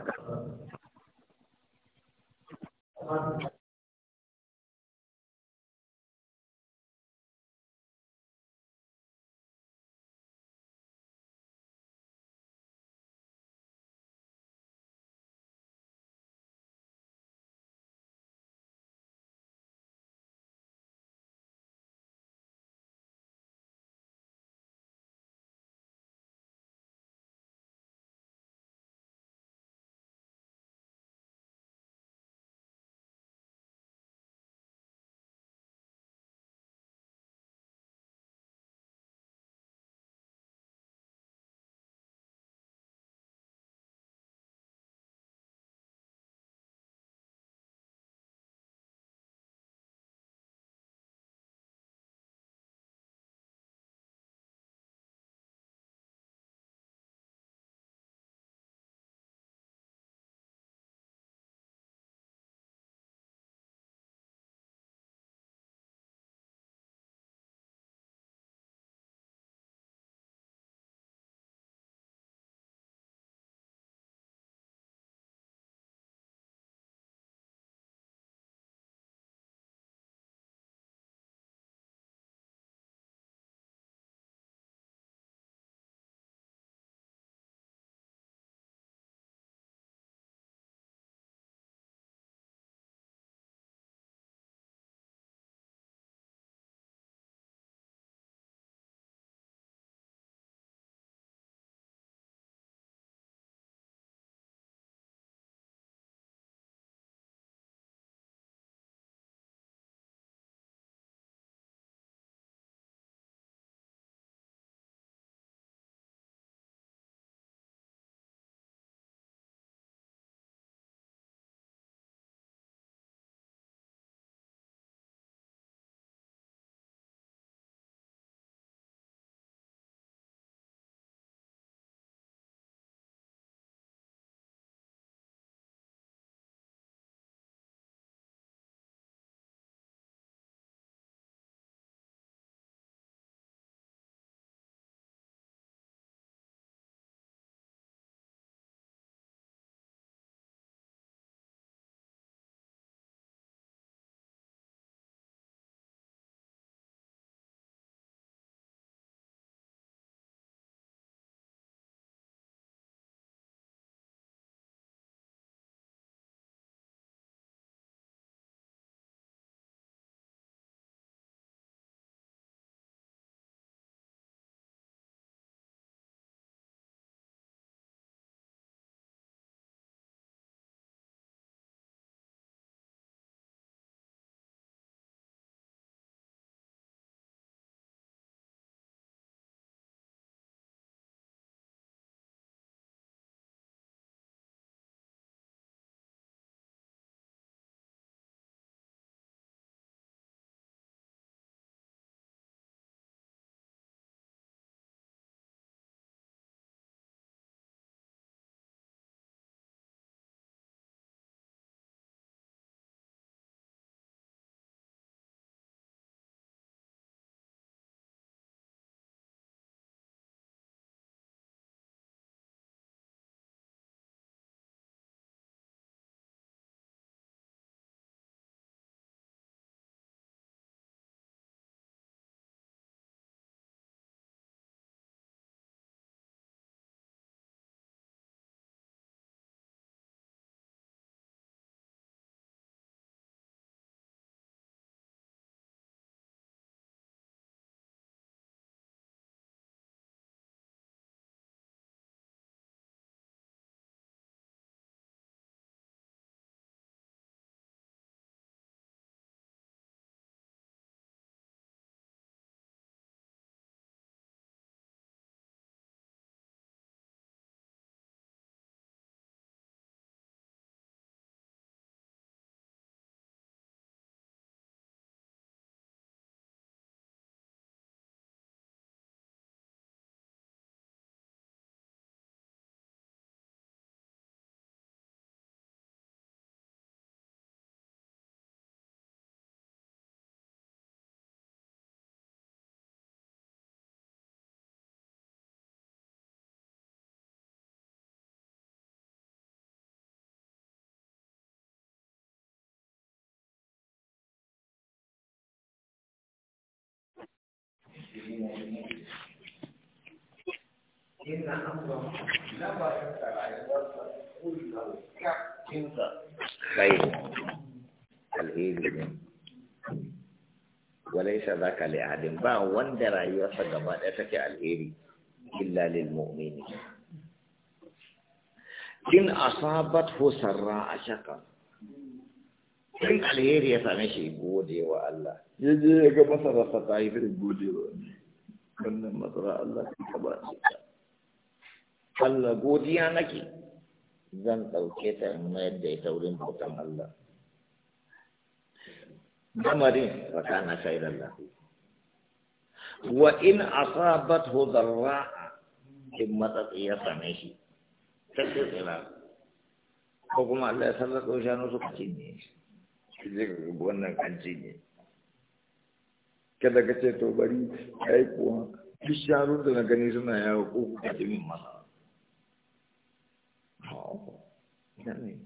إن أمره لما يفتر يقول له كيف خير الهيل وليس ذاك لأحد با وندر يوسف جمال أتك الهيل إلا للمؤمنين إن أصابته سراء شكر in alheri ya same shi gode wa Allah ya je ya ga masa rasa ta yi gode wa Allah wannan matsala Allah ta taba ta Allah godiya nake zan ɗauke ta in mayar da ita wurin bautan Allah lamarin wa kana shaidan lahu wa in asabathu dharra'a in matsatsi ya same shi ta tsira ko kuma Allah ya sallaka shanu suka cinye shi zai wannan an cinye kada ka ce to bari ai kuwa duk shanun da na gani suna yawo ko kuka ji min mana yani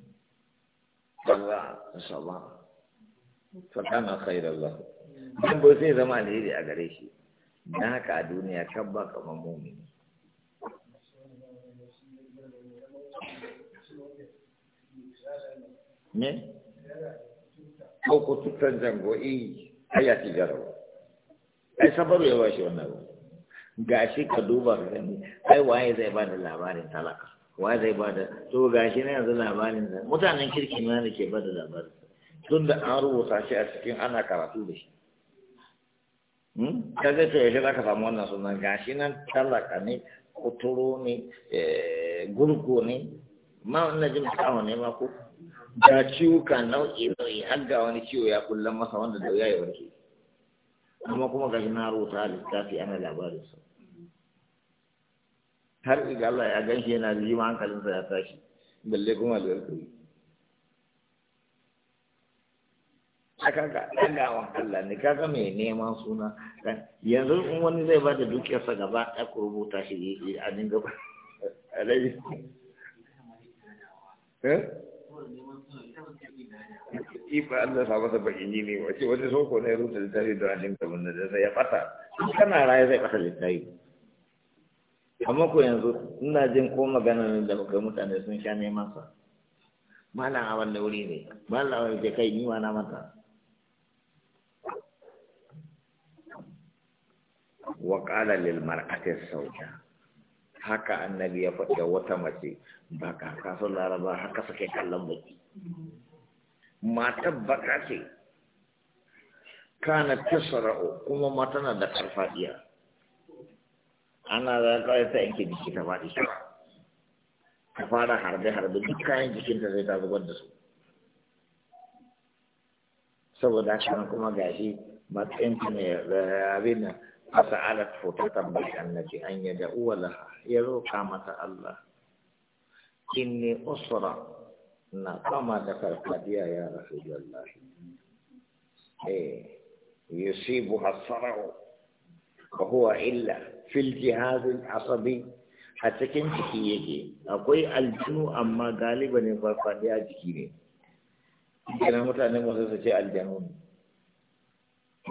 kaza saba fa kana khairan lahu dan ba sai zama alheri a gare shi dan haka a duniya kan ba kamar mumini ne ko ku tutan jango eh ayati jarawa ai sabaru ya bashi wannan abu gashi ka duba ka gani ai waye zai bada labarin talaka waye zai bada to gashi na yanzu labarin da? mutanen kirki na ne ke bada labarin tun da an rubuta shi a cikin ana karatu da shi hmm? kaga to yaushe za ka samu wannan sunan gashi nan talaka ne kuturo ne eh, gurgu ne ma wannan jin kawo ne ma ko ga ciwuka nau'i nau'i har ga wani ciwo ya kullan masa wanda da ya yi warke amma kuma ga na rubuta littafi ana labarin su har idan Allah ya gan shi yana lima hankalinsa ya tashi balle kuma da alƙari aka ga ɗagawan Allah ne kaga mai neman suna yanzu in wani zai ba da dukiyarsa gaba ya ku rubuta shi a dinga ba alaji eh ifa Allah sa masa baki ni ne wace wace soko ne da tare da hannun kamar da zai ya fata kana raye zai fata da littafi amma ko yanzu ina jin ko magana ne da kai mutane sun sha neman sa malam a wannan wuri ne malam wani ke kai ni wa na mata wa qala lil mar'ati sawja haka annabi ya faɗa wata mace ba ka kasu laraba haka suke kallon baki matar baka ce kana tasra'u kuma mata na da karfadiya ana da kai ta yanke jiki ta faɗi ta fara harbe harbe duk kayan jikinta zai ta zubar da su saboda haka kuma gashi matsayinta ne abin nan فسألت فتتبع النبي أن يدعو لها يروق متى الله إني أسرى na kama da farfadiya ya rasu jallahi eh yusibu hasarau ka huwa illa fil jihaz asabi a cikin ciki yake akwai aljinu amma galiba ne farfadiya jiki ne kenan mutane masu su ce aljanu ne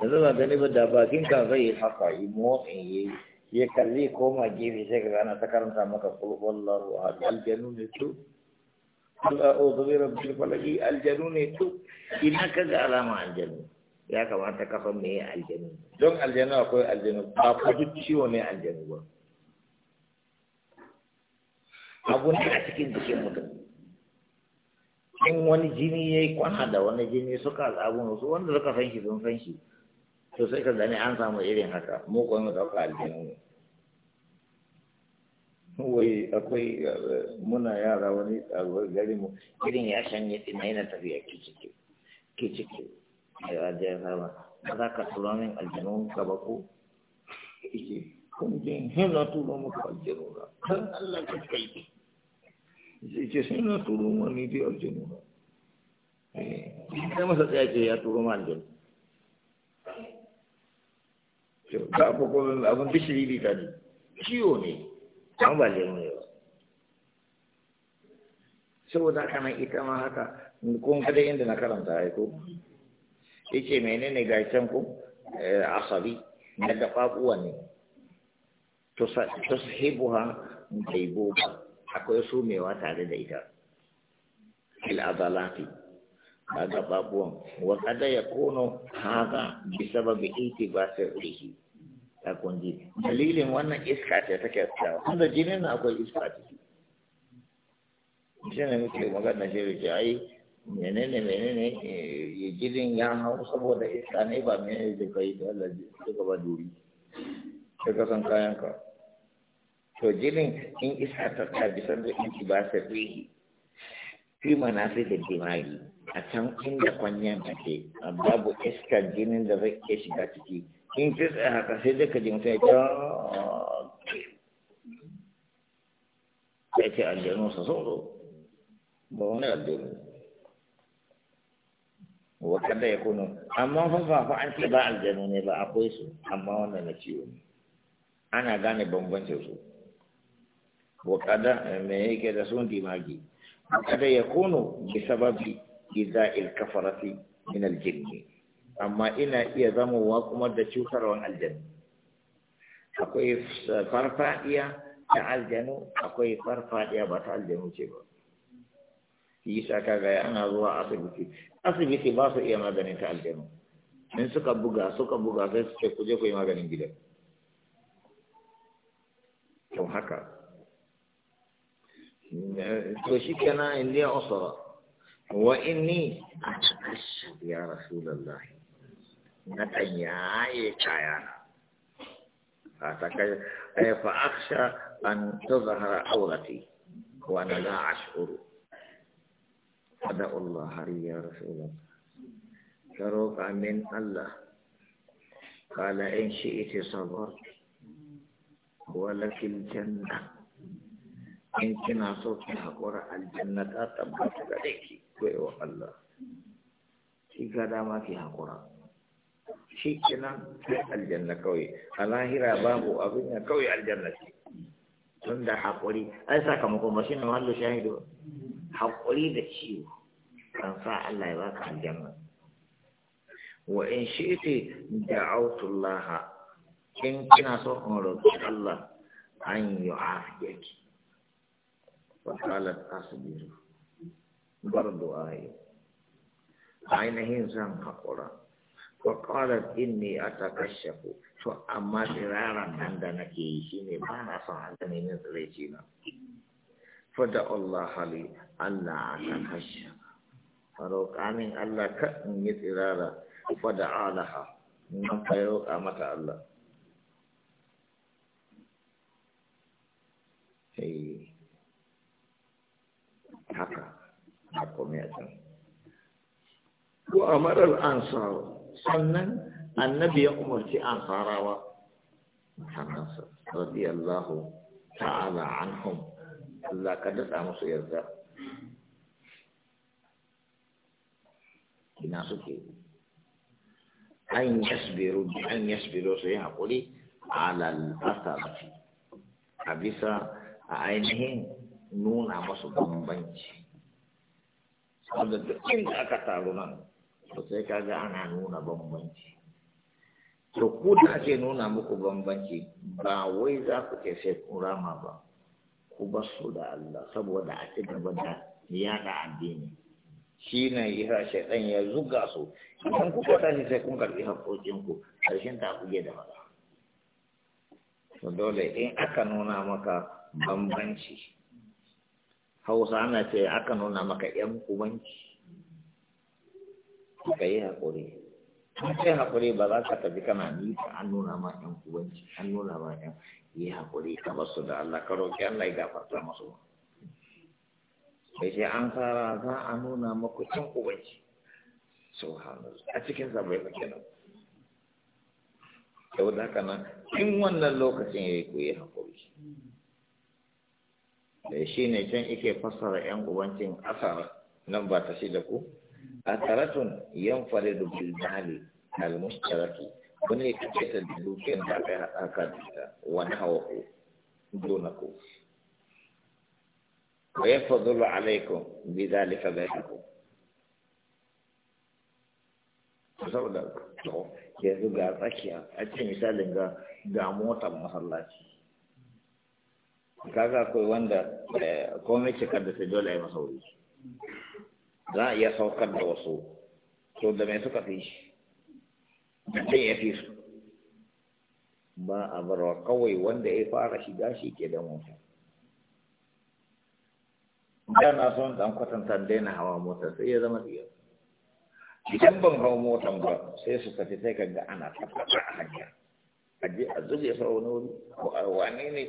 yanzu ba gani ba da bakin kan zai yi haka yi motsin yi ya kalli koma gefe sai ka gana ta karanta maka kulwallar wa aljanu ne su قل أعوذ برب الفلق الجنون تو إذا كذا alama الجنون ya kamata kafa me aljanu don aljanu akwai aljanu ba ko duk ciwo ne aljanu ba abu ne a cikin jikin mutum in wani jini ya yi kwana da wani jini suka abun su wanda suka san shi sun san shi to sai ka zane an samu irin haka mu kuma mu dauka aljanu ne wai akwai eh, muna yara wani tsaruwar gari mu irin ya shanye tsina yana tafiya ke ciki ke ciki a yi ajiyar sama ba za ka tura min aljanun ka ba ko ike kun jin hin na turo muku aljanu ba kan allah ka kai zai ce sai na turo ma ni dai aljanu ba sai eh, masa tsaya ce ya turo ma aljanu ba ku kuma abin bishiri ne ta ne ciwo ne an eh, ba ne ba saboda haka ita ma haka kun kada inda na karanta ya ko yace menene ga can ku asabi na da fafuwa ne to sahibuha akwai sumewa tare da ita il adalati ba ga babuwan wa kada ya kono haka bi sababi itibasir rihi ta kunji dalilin wannan iska ce take tsawo tunda jinin na akwai iska ce shi ne muke magana shi rike ai menene menene ya eh, jirin ya hau saboda iska ne ba ne da kai da Allah ji gaba duri sai ka san kayan ka to jirin in iska ta ta san da inki ba sa na fi da dimari a can inda kwanyan take babu iska jinin da zai ke shiga ciki in ka tsaya haka sai dai ka ji ya ce ah, ya ce aljanu sa sun zo ba wani aljanu wa da ya kuno amma fa ba fa an ce ba aljanu ne ba akwai su amma wannan na ciwo ne ana gane bambancin su wa me yake da sun dimagi kada ya kuno bi sababi jiza'il kafarati min aljinni amma ina iya zamowa kuma da cutarwan aljanu akwai farfadiya ta aljanu akwai farfadiya ba ta aljanu ce ba yi sa kaga ana zuwa asibiti asibiti ba su iya maganin ta aljanu in suka buga suka buga sai su ce kuje ku yi maganin gidan to haka to shi kenan in liya usara wa inni a ya rasulallahi من أن فأخشى أن تظهر عورتي وأنا لا أشعر هذا الله هري يا رسول الله شروك من الله قال إن شئت صبرت ولك الجنة إن كنا صوت حقر الجنة تبقى لك ويوقع الله إذا دامك حقرأ shi kenan aljanna kawai a lahira babu abin ya kawai aljanna ce tun da haƙuri ai sakamakon ba shi ne mahallu shahidu haƙuri da ciwo kan sa Allah ya baka aljanna wa in shi'ti da Allah in kina so in roki Allah an yu'afiyaki wa qalat asbiru bar du'ai ainihin zan haƙura waƙarar inni a takashafu to amma tsiraran nan da na ke yi shi ne ba na son an zane min tsiraici na da Allah hali Allah a takashi faro kamin Allah ka in yi tsirara fa da alaha nan fa roƙa mata Allah haka a kome a can ko a marar an sa'o sannan annabi ya umarci an ansarawa hannansa radiyallahu ta'ala anhum Allah ka daɗa musu yarda ina suke an yasbiru bi an yasbiru su yi haƙuri alal asarafi a bisa a ainihin nuna masu bambanci saboda duk inda aka taru nan to sai kaga ana nuna bambanci to ku da ake nuna muku bambanci ba wai za ku ke sai ku ba ku ba su da Allah saboda a ci gaba da yaɗa addini shi ne ya shaidan ya zuga su idan kuka ne sai kun karbi karɓi ku, ƙarshen ta kuge da maza to dole in aka nuna maka bambanci hausa ana ce aka nuna maka yan kubanci ka yi haƙuri kai haƙuri ba za ka tafi kana ni an nuna ma ƴan uwanci an nuna ma ƴan yi haƙuri ka basu da Allah ka roƙi Allah ya gafarta masu sai sai an fara za a nuna maku ƴan uwanci subhanallah a cikin sa bai fake nan yau da haka nan in wannan lokacin ya yi ku yi haƙuri eh, shi ne can ike fassara ƴan uwancin asara nan ba ta shi da ku أثرة ينفرد بالمال المشترك wani ya kace da dukiyar da aka haka da wani saboda yanzu ga tsakiya a ce misalin ga ga motar masallaci kaga akwai wanda eh, komai cikar da sai dole ya masa wuri za a iya saukar da wasu to da mai suka fi shi da kai ya fi su ba a barwa kawai wanda ya fara shiga shi ke da mota da na son dan kwatanta daina hawa mota sai ya zama tsiya idan ban hau motan ba sai su tafi sai ka ga ana tabbata a hanya a je a zube sa wani wuri wane ne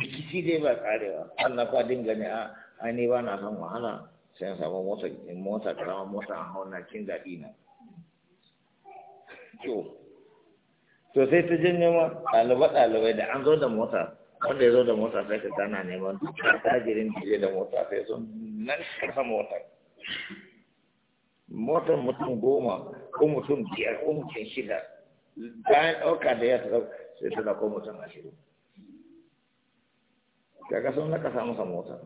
rikici dai ba karewa sannan na dinga ne a ne ba na son wahala sai samu mota in motsa karama mota a hauna cin daɗi na to to sai ta jin ma ɗalibai ɗalibai da an zo da mota wanda ya zo da mota sai ka tana neman tajirin da da mota sai sun nan kasa motsa motar mutum goma ko mutum biyar ko mutum shida bayan ɗauka da ya tarar sai ta ko mutum ashirin kaga sun naka samu mota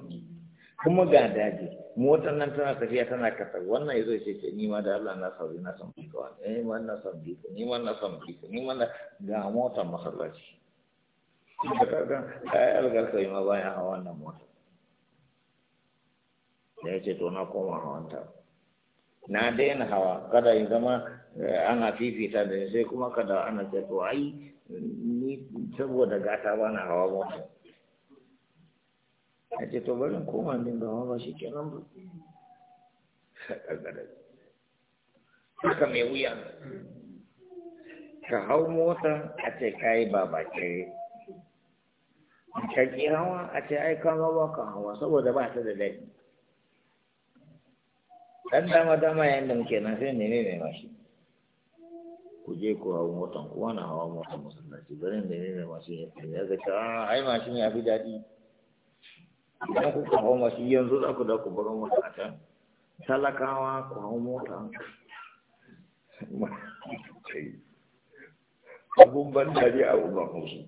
kuma ga daji mu nan tana tafiya tana kasa wannan yazo ce ce ni ma da Allah na sauri na san wa eh ma na san biko ni ma na san biko ni ma ga motar masallaci da kaga ai algar kai ma baya hawa wannan motar da yace to na koma hawan ta na daina hawa kada in zama eh, ana fifita da sai kuma kada ana ce to ai ni saboda gata bana hawa motar a ce to barin koma din ba ma shi kenan ba haka mai wuya ka hau mota a ce ka yi baba kere ka ki hawa a ce ai kama ba ka hawa saboda ba ta da daɗi ɗan dama dama yayin da muke nan sai nene ne mashi ku je ku hau motan ku wani hawa motan musulunci bari nene ne mashi ya ga ta ah, ai mashi ne fi daɗi da ku kawo masu yanzu za ku da ku bar mota a can talakawa ku hau mota abun ban dariya a uban hausu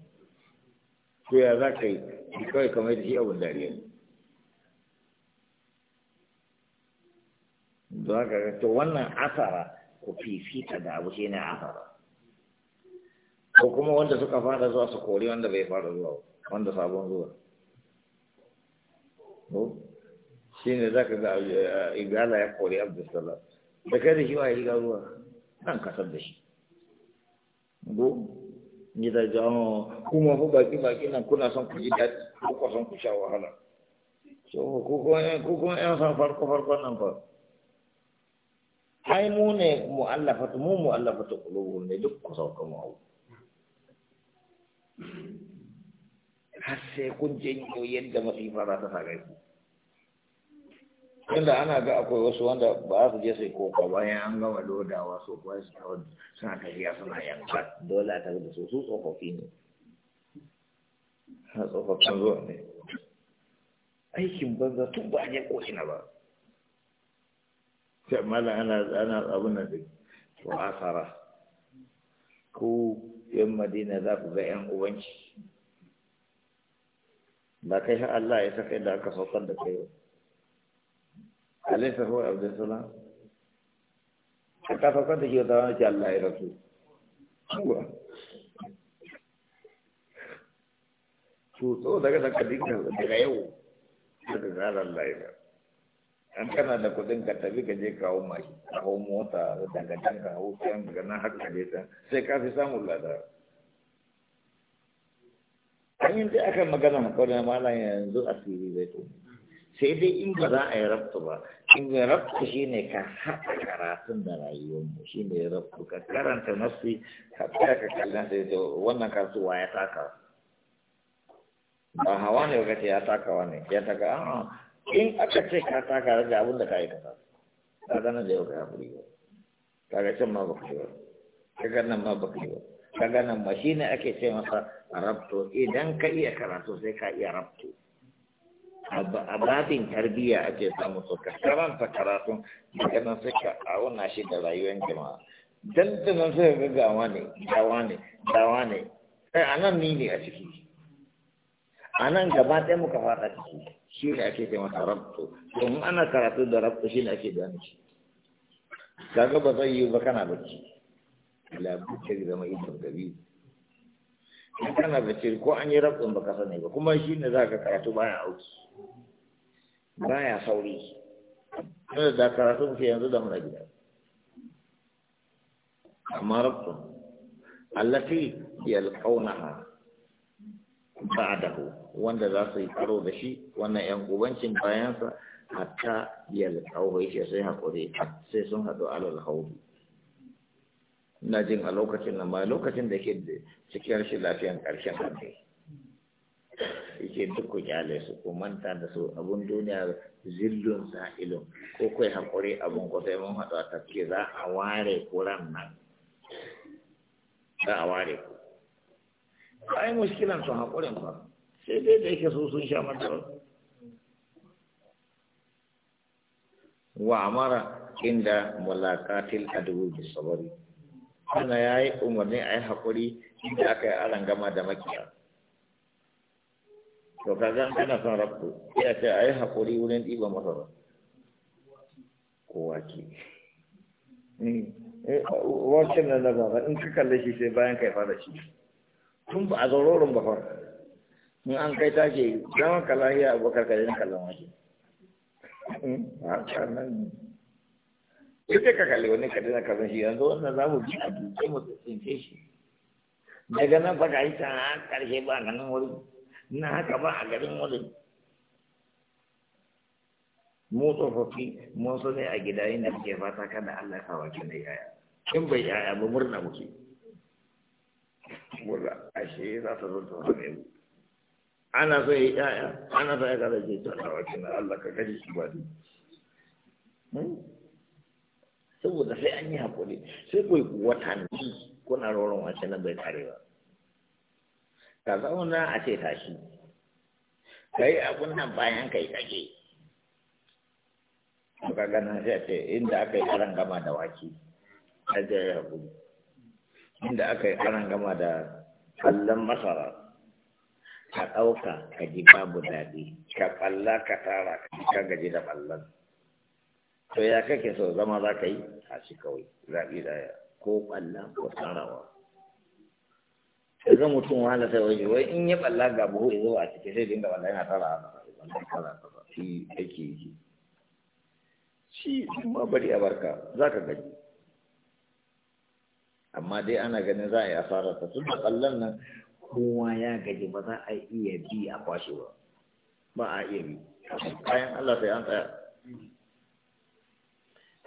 ko ya za ka yi kawai kamar da shi abun dariya za ka to wannan asara ku fifita da abu shi ne asara ko kuma wanda suka fara zuwa su kori wanda bai fara zuwa wanda sabon zuwa shi ne za ka ga eh, igala ya kori abdulsalam da kai da shi wa yi garuwa nan kasar da shi go ni da jamo kuma ku baki baki nan kuna son ku ji daɗi ko son ku sha wahala so ku ko ku ko yan san farko farko nan fa ai mu ne mu'allafatu mu mu'allafatu qulubuhum ne duk ku sauka mu har sai kun janyo yadda masifa za ta sare ku tunda ana ga akwai wasu wanda ba su je sai kofa bayan an gama lodawa so kuwa suna tafiya suna yanka dole ta tafi da su su tsofaffi ne na tsofaffin zuwa ne aikin banza tun ba ne je ko'ina ba sai mala ana ana abin nan din to asara ko yan madina za ku ga yan uwanci ba kai har Allah ya saka da aka saukar da kai alaisa huwa abdul salam aka saukar da shi wata wani ke Allah ya rasu tutso daga daga daga yau daga ranar laira an kana da kudin ka tafi ka je kawo mashi kawo mota da dangantaka ka hau can daga nan haka je ta sai ka fi samun ladara in dai aka magana makaunin malam yanzu asiri zai to sai dai in ba za a yi rabtu ba in yi rabtu shi ne ka haɗa karatun da mu shi ne rabtu ka karanta nasi ka tsaya ka kallon sai da wannan kasuwa ya taka ba hawa ne ba ce ya taka wa ne ya taka a in aka ce ka taka da abin da ka yi kasa ka gana da yau ka yi ba ka ga can ma ba ka yi ba ka ga nan ma ba ka yi ba ka ga nan ma shi ne ake ce masa rabto idan ka iya karatu sai ka iya rabto a batin tarbiyya ake samu so ka karanta karatun daga nan sai ka auna shi da rayuwar jama'a dandanan sai ga gawa ne gawa ne gawa ne sai eh, a nan ni ne a ciki a nan gaba ɗaya muka faɗa ciki shi ne ake ce masa rabto domin ana karatu da rabto shi ne ake gane shi kaga ba zai yi ba kana bacci ta zama ita da biyu kana da ciri ko an yi rabin baka sani ba kuma shi ne za ka karatu bayan auki baya sauri kada da karatu muke yanzu da muna gida amma rabin allati yalqawnaha ba'dahu wanda za su yi karo da shi wannan yan gubancin bayansa hatta yalqawhu shi sai hakuri sai sun haɗu alal hawdi ina jin a lokacin nan ma lokacin da ke cikin rashin lafiyan ƙarshen hannu yake duk ku kyale su ko manta da su abun duniya zillun sa'ilun ko kai haƙuri abun ko mun haɗu a tafke za a ware ku nan za a ware ku ai mushkilan su haƙurin ba, sai dai da yake su sun sha mata wa amara inda mulaqatil adu bisabari Allah ya yi umarni a yi haƙuri inda aka yi aran gama da makiya to kaga kana son rabto sai a ce a yi haƙuri wurin ɗiba masara kowa ke hmm. eh, wancan nan na baba in ka kalle shi sai bayan kai fara shi tun ba a zaurorin ba fa in an kai take zama kalahiya abokar kare na kallon waje hmm. a nan sai ka kalli wani ka dina ka shi yanzu wannan za mu bi a duke mu tsince shi daga nan fa ga yi can a ba ganin wuri na haka ba a garin wuri mu tsofaffi mun so ne a gida yin da fata kada Allah ya kawo da yaya in bai yaya ba murna muke murna ashe za ta zo wani mu ana so ya yaya ana so ya kada je ta kawo kin Allah ka kaji shi ba saboda sai an yi haƙuri sai kai watanni kuna roron wace na bai tare ba ka zauna a ce tashi ka yi abun nan bayan ka yi tsage ka gana sai ce inda aka yi karan gama da waki a je ya haƙuri inda aka yi karan gama da kallon masara ka ɗauka ka ji babu daɗi ka ɓalla ka tara ka gaji da ɓallon to ya kake so zama za ka yi a shi kawai zaɓi daya ko ɓalla ko tsarawa ga mutum wahala sai waje wai in ya ɓalla ga buhu ya zo a ciki sai dinga ɓalla yana tara a tara shi ake yi shi ma bari a barka za ka gani amma dai ana ganin za a yi asarar ta tun da ɓallon nan kowa ya gaji ba za a iya bi a kwashe ba ba a iya bi kayan Allah sai an tsaya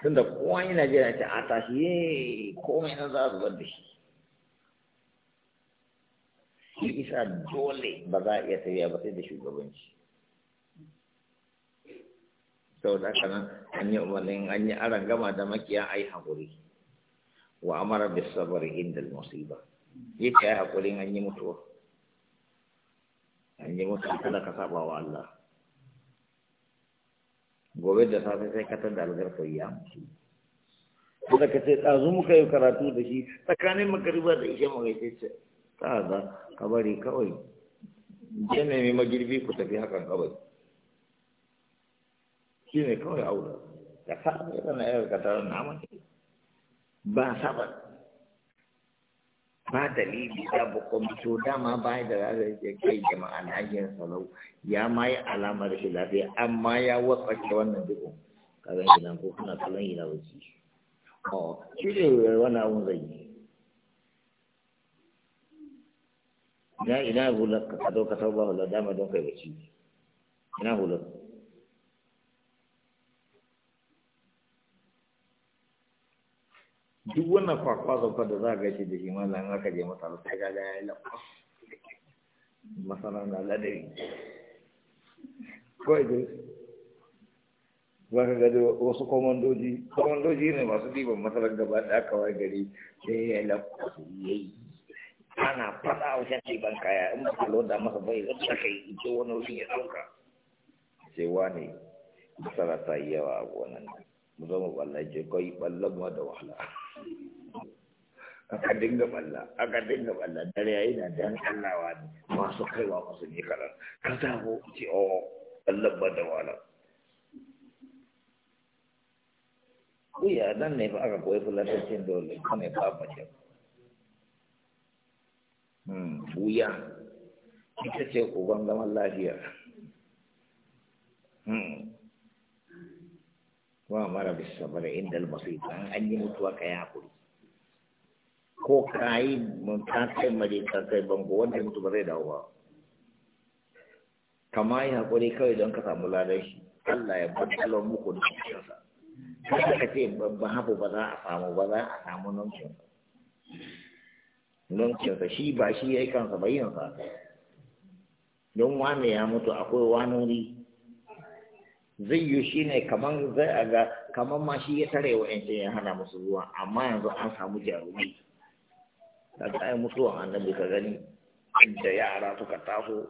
tunda kowa yana jira ta a tashi ye eh, komai na za su bar da shi shi isa dole ba za a iya tafiya ba sai da shugabanci sau da kanan an yi umarnin an yi aran gama da makiya a yi haƙuri wa amara bis sabar inda musiba yi ta yi haƙurin an yi mutuwa an yi mutuwa kada ka saba wa Allah gobe da safe sai ka tada algarfa ya mutu da ka ce ɗazu muka yi karatu da shi tsakanin makariba da ishe mu gaishe ce ta ga kabari kawai je nemi magirbi ku tafi hakan kabari shi ne kawai aure da safe kana yar ka tarar na mace ba sabar ba dalili ya bukumi to dama ba da ranar da kai jama'a na ajiyar salau ya ma yi alamar shi lafiya amma ya ke wannan dukkan kazan gidan ko kuna kallon yana wuce o shi ne wani abun zai yi ina ina hular ka zo ka tauba hular dama don kai wuce ina hulaka duk wannan kwakwazon fa da za ga shi da shi mallan aka je da sai ga ya yi lafa masala na ladabi kawai da za ka ga wasu komandoji komandoji ne masu ɗiban masalar gaba da aka wa gari sai ya yi lafa su yi ana faɗa wa shan ɗiban kaya in ba da masa bai zai ka yi ce wani wurin ya ɗauka sai wani, masara ta yi yawa a gonan mu zama ɓallaje kawai ɓallan ma da wahala aka dinga balla aka dinga balla dare yayi na dan kallawa ne masu kaiwa masu ne kalan ka samu ce o oh, Allah ba da wala a dan ne ba aka koyi cin dole ne ba mace. buya hmm, ita ce uban zaman lafiya. Hmm. wa mara bisabar inda al an an yi mutuwa ka yi hakuri ko ka yi ta kai mare ka kai bango wanda mutu ba zai dawo ba kama yi hakuri kawai don ka samu ladan shi Allah ya baddalo muku da cikinsa kada ka ce ba hafu ba za a samu ba za a samu noncinsa noncinsa shi ba shi yayin yi kansa sa don wani ya mutu akwai wani zai yiwu shi ne kamar zai a ga kamar ma shi ya tare wa yanci ya hana musu ruwa amma yanzu an samu jarumi da ta yi mutuwan annabi ka gani da yara suka taso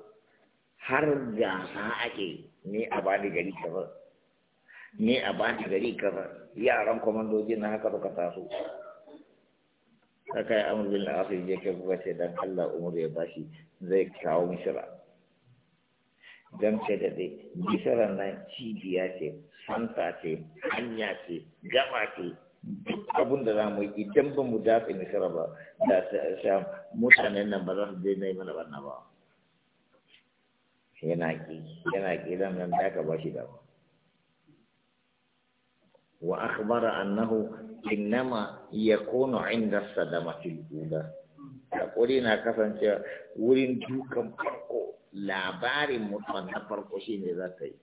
har gasa ake ne a bani gari kaza ne a bani gari kaza yaran kwamandoji na haka suka taso ta kai amurbin da la'afin ya kai kuka ce don allah umar ya bashi zai kawo mishira gamce da daɗe bisiran nan cibiya ce santa ce hanya ce gama ce duk abin da za mu yi idan ba mu dace misira ba da sham mutanen nan ba za su yi mana wannan ba yana ki yana ki zan nan da ka ba shi ba wa akhbara annahu innama yakunu inda sadamatil ula hakuri na kasance wurin dukan farko labarin mutuwan na farko shi ne za ta yi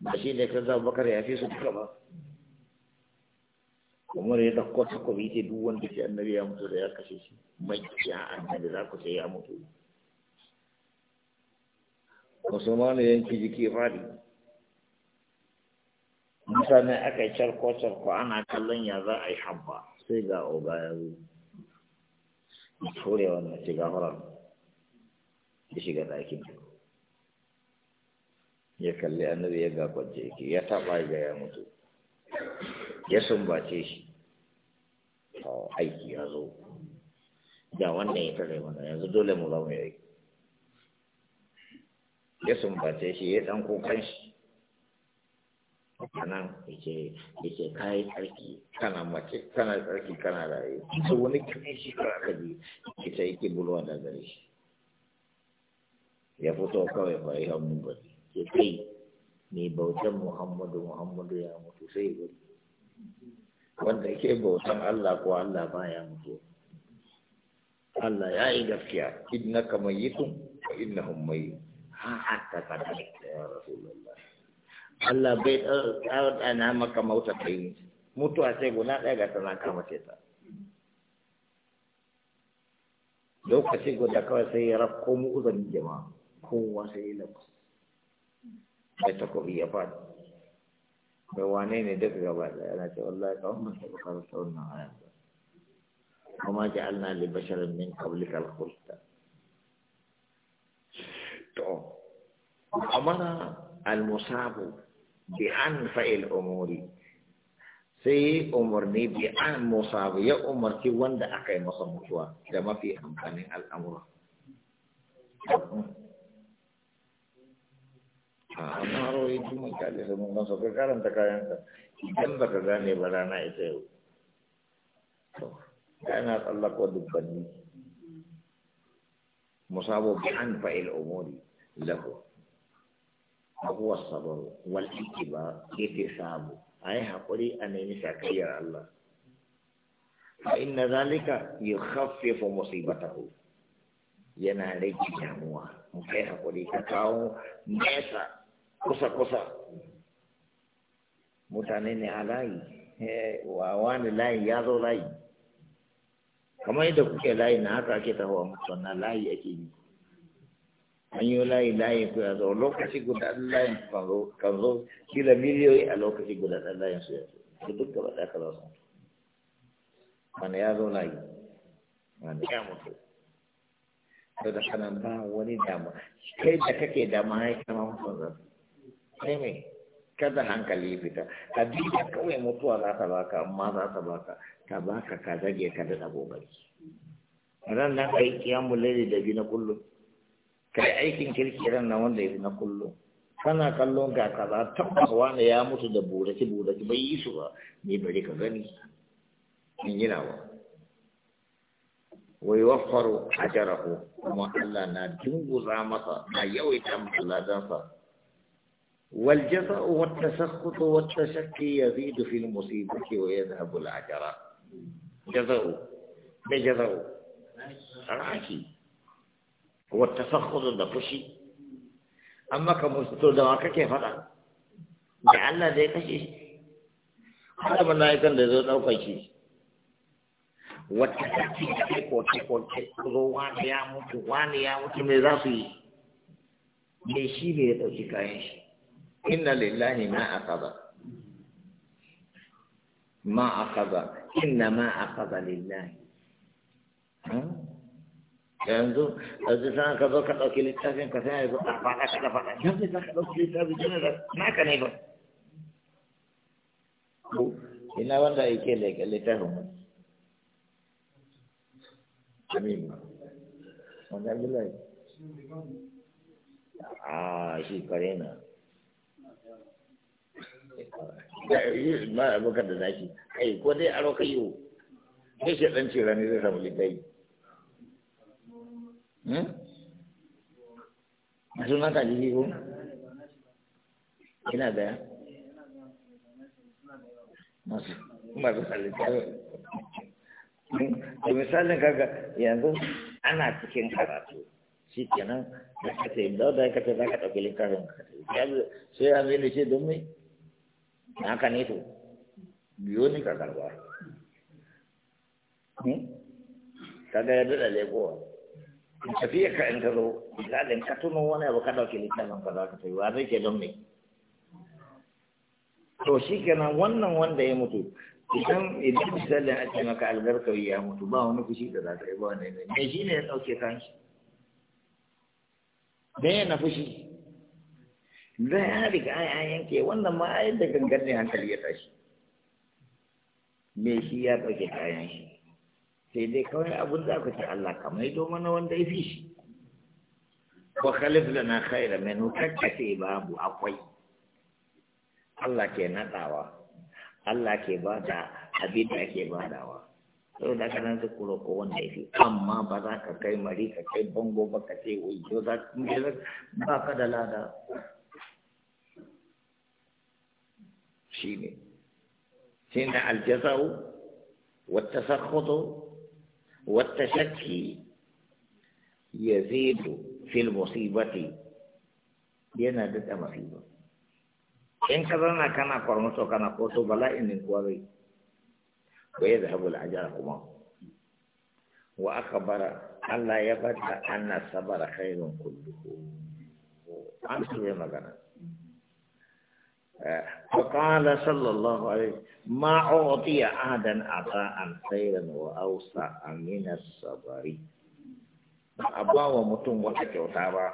ba shi ne kan zama bakar ya fi su duka ba kuma ya da ta kwamiti duk wanda ke annabi ya mutu da ya kashe shi mai ya annabi za ku sai ya mutu ne yanki jiki fadi mutane aka yi carko-carko ana kallon ya za a yi habba sai ga oga ya zo na wannan shiga horar ya shiga ɗakin ya kalli annabi ya gabace yake ya taɓa ga ya mutu ya sumbace shi aiki ya zo da wannan ya tare mana yanzu dole mu za mu yi aiki ya sumbace shi ya ɗan kukan shi nan yake yake kayi tsarki kana mace kana tsarki kana raye su wani kane shi kara kaji ki ta yake bulwa da gare shi ya fito kawai fari hannun bari ya kai mai bautan muhammadu muhammadu ya mutu sai wuri wanda ke bautan allah ko allah ba ya mutu allah ya yi gaskiya innaka mayyitun wa innahum mayyitun ha hatta kada ya rasulullah allah bai tsara maka mauta kai mutuwa sai guda ɗaya ga tana kama ce ta lokaci guda kawai sai ya rafko mu uzanin jama'a kowa sai lafa sai takobi ya faɗi mai wane ne duka gaba da yana ce wallahi kawai mun taɓa karanta wannan ayan ba kuma ja'alna li basharin min qablika al-khulda to amara al-musabu bi an fa'il umuri sai umarni bi an ya umarci wanda aka yi masa mutuwa da mafi amfanin al'amura hannu ya ji mutane sun masa ga karanta kayanka idan ba ka gane ba rana ita yau yana tsallakwa dubbanni musabo bi an fa'il umuri lahu abuwa sabar wal ikiba yake samu a yi haƙuri a nemi shakayyar Allah fa'in na zalika yi khaffifa musibatahu yana rage damuwa mu kai haƙuri ka kawo nesa kusa-kusa mutane ne a layi eh, wa wani layi ya zo layi kamar yadda kuke layi na haka ake tahowa mutu na layi ake yi an yi layi layi ku ya zo lokaci guda layin kan zo kila miliyoyi a lokaci guda ɗan layin su ya zo su duk gaba ɗaya ka zasu wani ya zo layi wani ya mutu to da kanan ba wani damu kai da kake dama ya kama mutum zasu mai kada hankali fita ka kawai mutuwa za ta baka amma za ta baka ta baka ka zage ka da gobari ran nan kai kiyan mulai da bi na kullum kai aikin kirki ran nan wanda ya na kullum kana kallon ka kaza tabbas wani ya mutu da buraki buraki bai yi su ba ni bari ka gani in yi nawa wai wafaru ajarahu kuma Allah na dunguza masa na yawaita masa والجفاء والتسخط والتشكي يزيد في المصيبة ويذهب العجراء جزاء ما جزاء راكي هو التسخط الدفشي أما كمستر دواك كيف هذا لعل ذلك شيء هذا من لا لذلك أو كيشي والتسخي كيف وكيف وكيف وكيف وكيف وكيف وكيف وكيف وكيف وكيف وكيف وكيف وكيف وكيف إن لله ما أخذ ما أخذ إنما أخذ لله yanzu yanzu sana ka zo ka ɗauki littafin ka sai yanzu a faɗa ka da faɗa yanzu za ka ɗauki littafin jini da naka ne ba ina wanda yake leƙe littafin wani amin ba wanda abdullahi a shi kare na ba a baka da zaki kai ko dai aro kai yau sai shi dan cira ne zai samu littafi hmm? a sunan ka jiki ko ina da masu masu halittar da hmm? misalin kaga yanzu ana cikin karatu shi kenan da kace ce da ka ce za ka ɗauki littafin ka sai an zai ne ce don mai haka ne to biyo ni ka karba hmm? kaga ya dada lekowa tafiya ka in ka zo misalin ka tuno wani abu ka dauke littafin ka za ka tafi wa zai ke don me to shi kenan wannan wanda ya mutu idan idan misalin ake maka algarkawi ya mutu ba wani fushi da za ta yi ba wani ne shi ne ya dauke kan shi dan yana fushi Za ya riga ya yanke wannan ma a da gangan ne hankali ya tashi me shi ya ɗauke kayan shi sai dai kawai abin da aka ce Allah ka maido mana wanda ya fi shi wa khalif lana khaira minhu kakkace babu akwai Allah ke nadawa Allah ke bada abin da ake badawa sau da ka nan zuku roƙo wanda ya fi amma ba za ka kai mari ka kai bango ba ka ce wai ba ka da lada شيني شين الجزاء والتسخط والتشكي يزيد في المصيبة ينادت مصيبة إن كذلنا كان قرنسو كان قوتو بلا إن انكواري ويذهب العجل كما وأخبر أن لا يبدأ أن الصبر خير كله أنت يا مغنى Fakala sallallahu alaihi ma'utiya adan ata'an khairan wa awsa aminas sabari. Apa wa mutum wa kecota ba?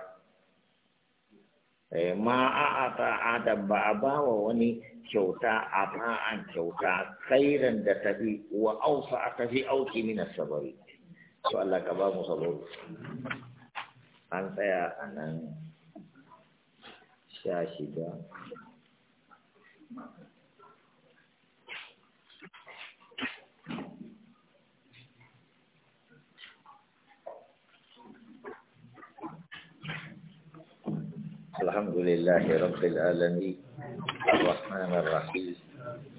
Eh, Ma'a ata adan ba'aba wa wani kyauta apa'an kyauta khairan da tafi wa awsa a tafi auki minas sabari. So Allah ka ba mu An tsaya a nan sha shiga. الحمد لله رب العالمين الرحمن الرحيم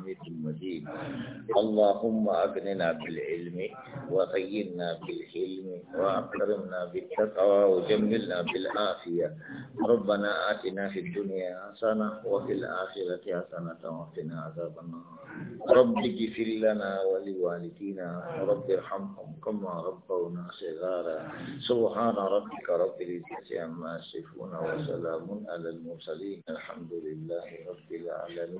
حميد المجيد اللهم أغننا بالعلم وغينا بالحلم وأكرمنا بالتقوى وجملنا بالعافية ربنا آتنا في الدنيا حسنة وفي الآخرة حسنة وقنا عذاب النار رب اغفر لنا ولوالدينا رب ارحمهم كما ربونا صغارا سبحان ربك رب العزة عما يصفون وسلام على المرسلين الحمد لله رب العالمين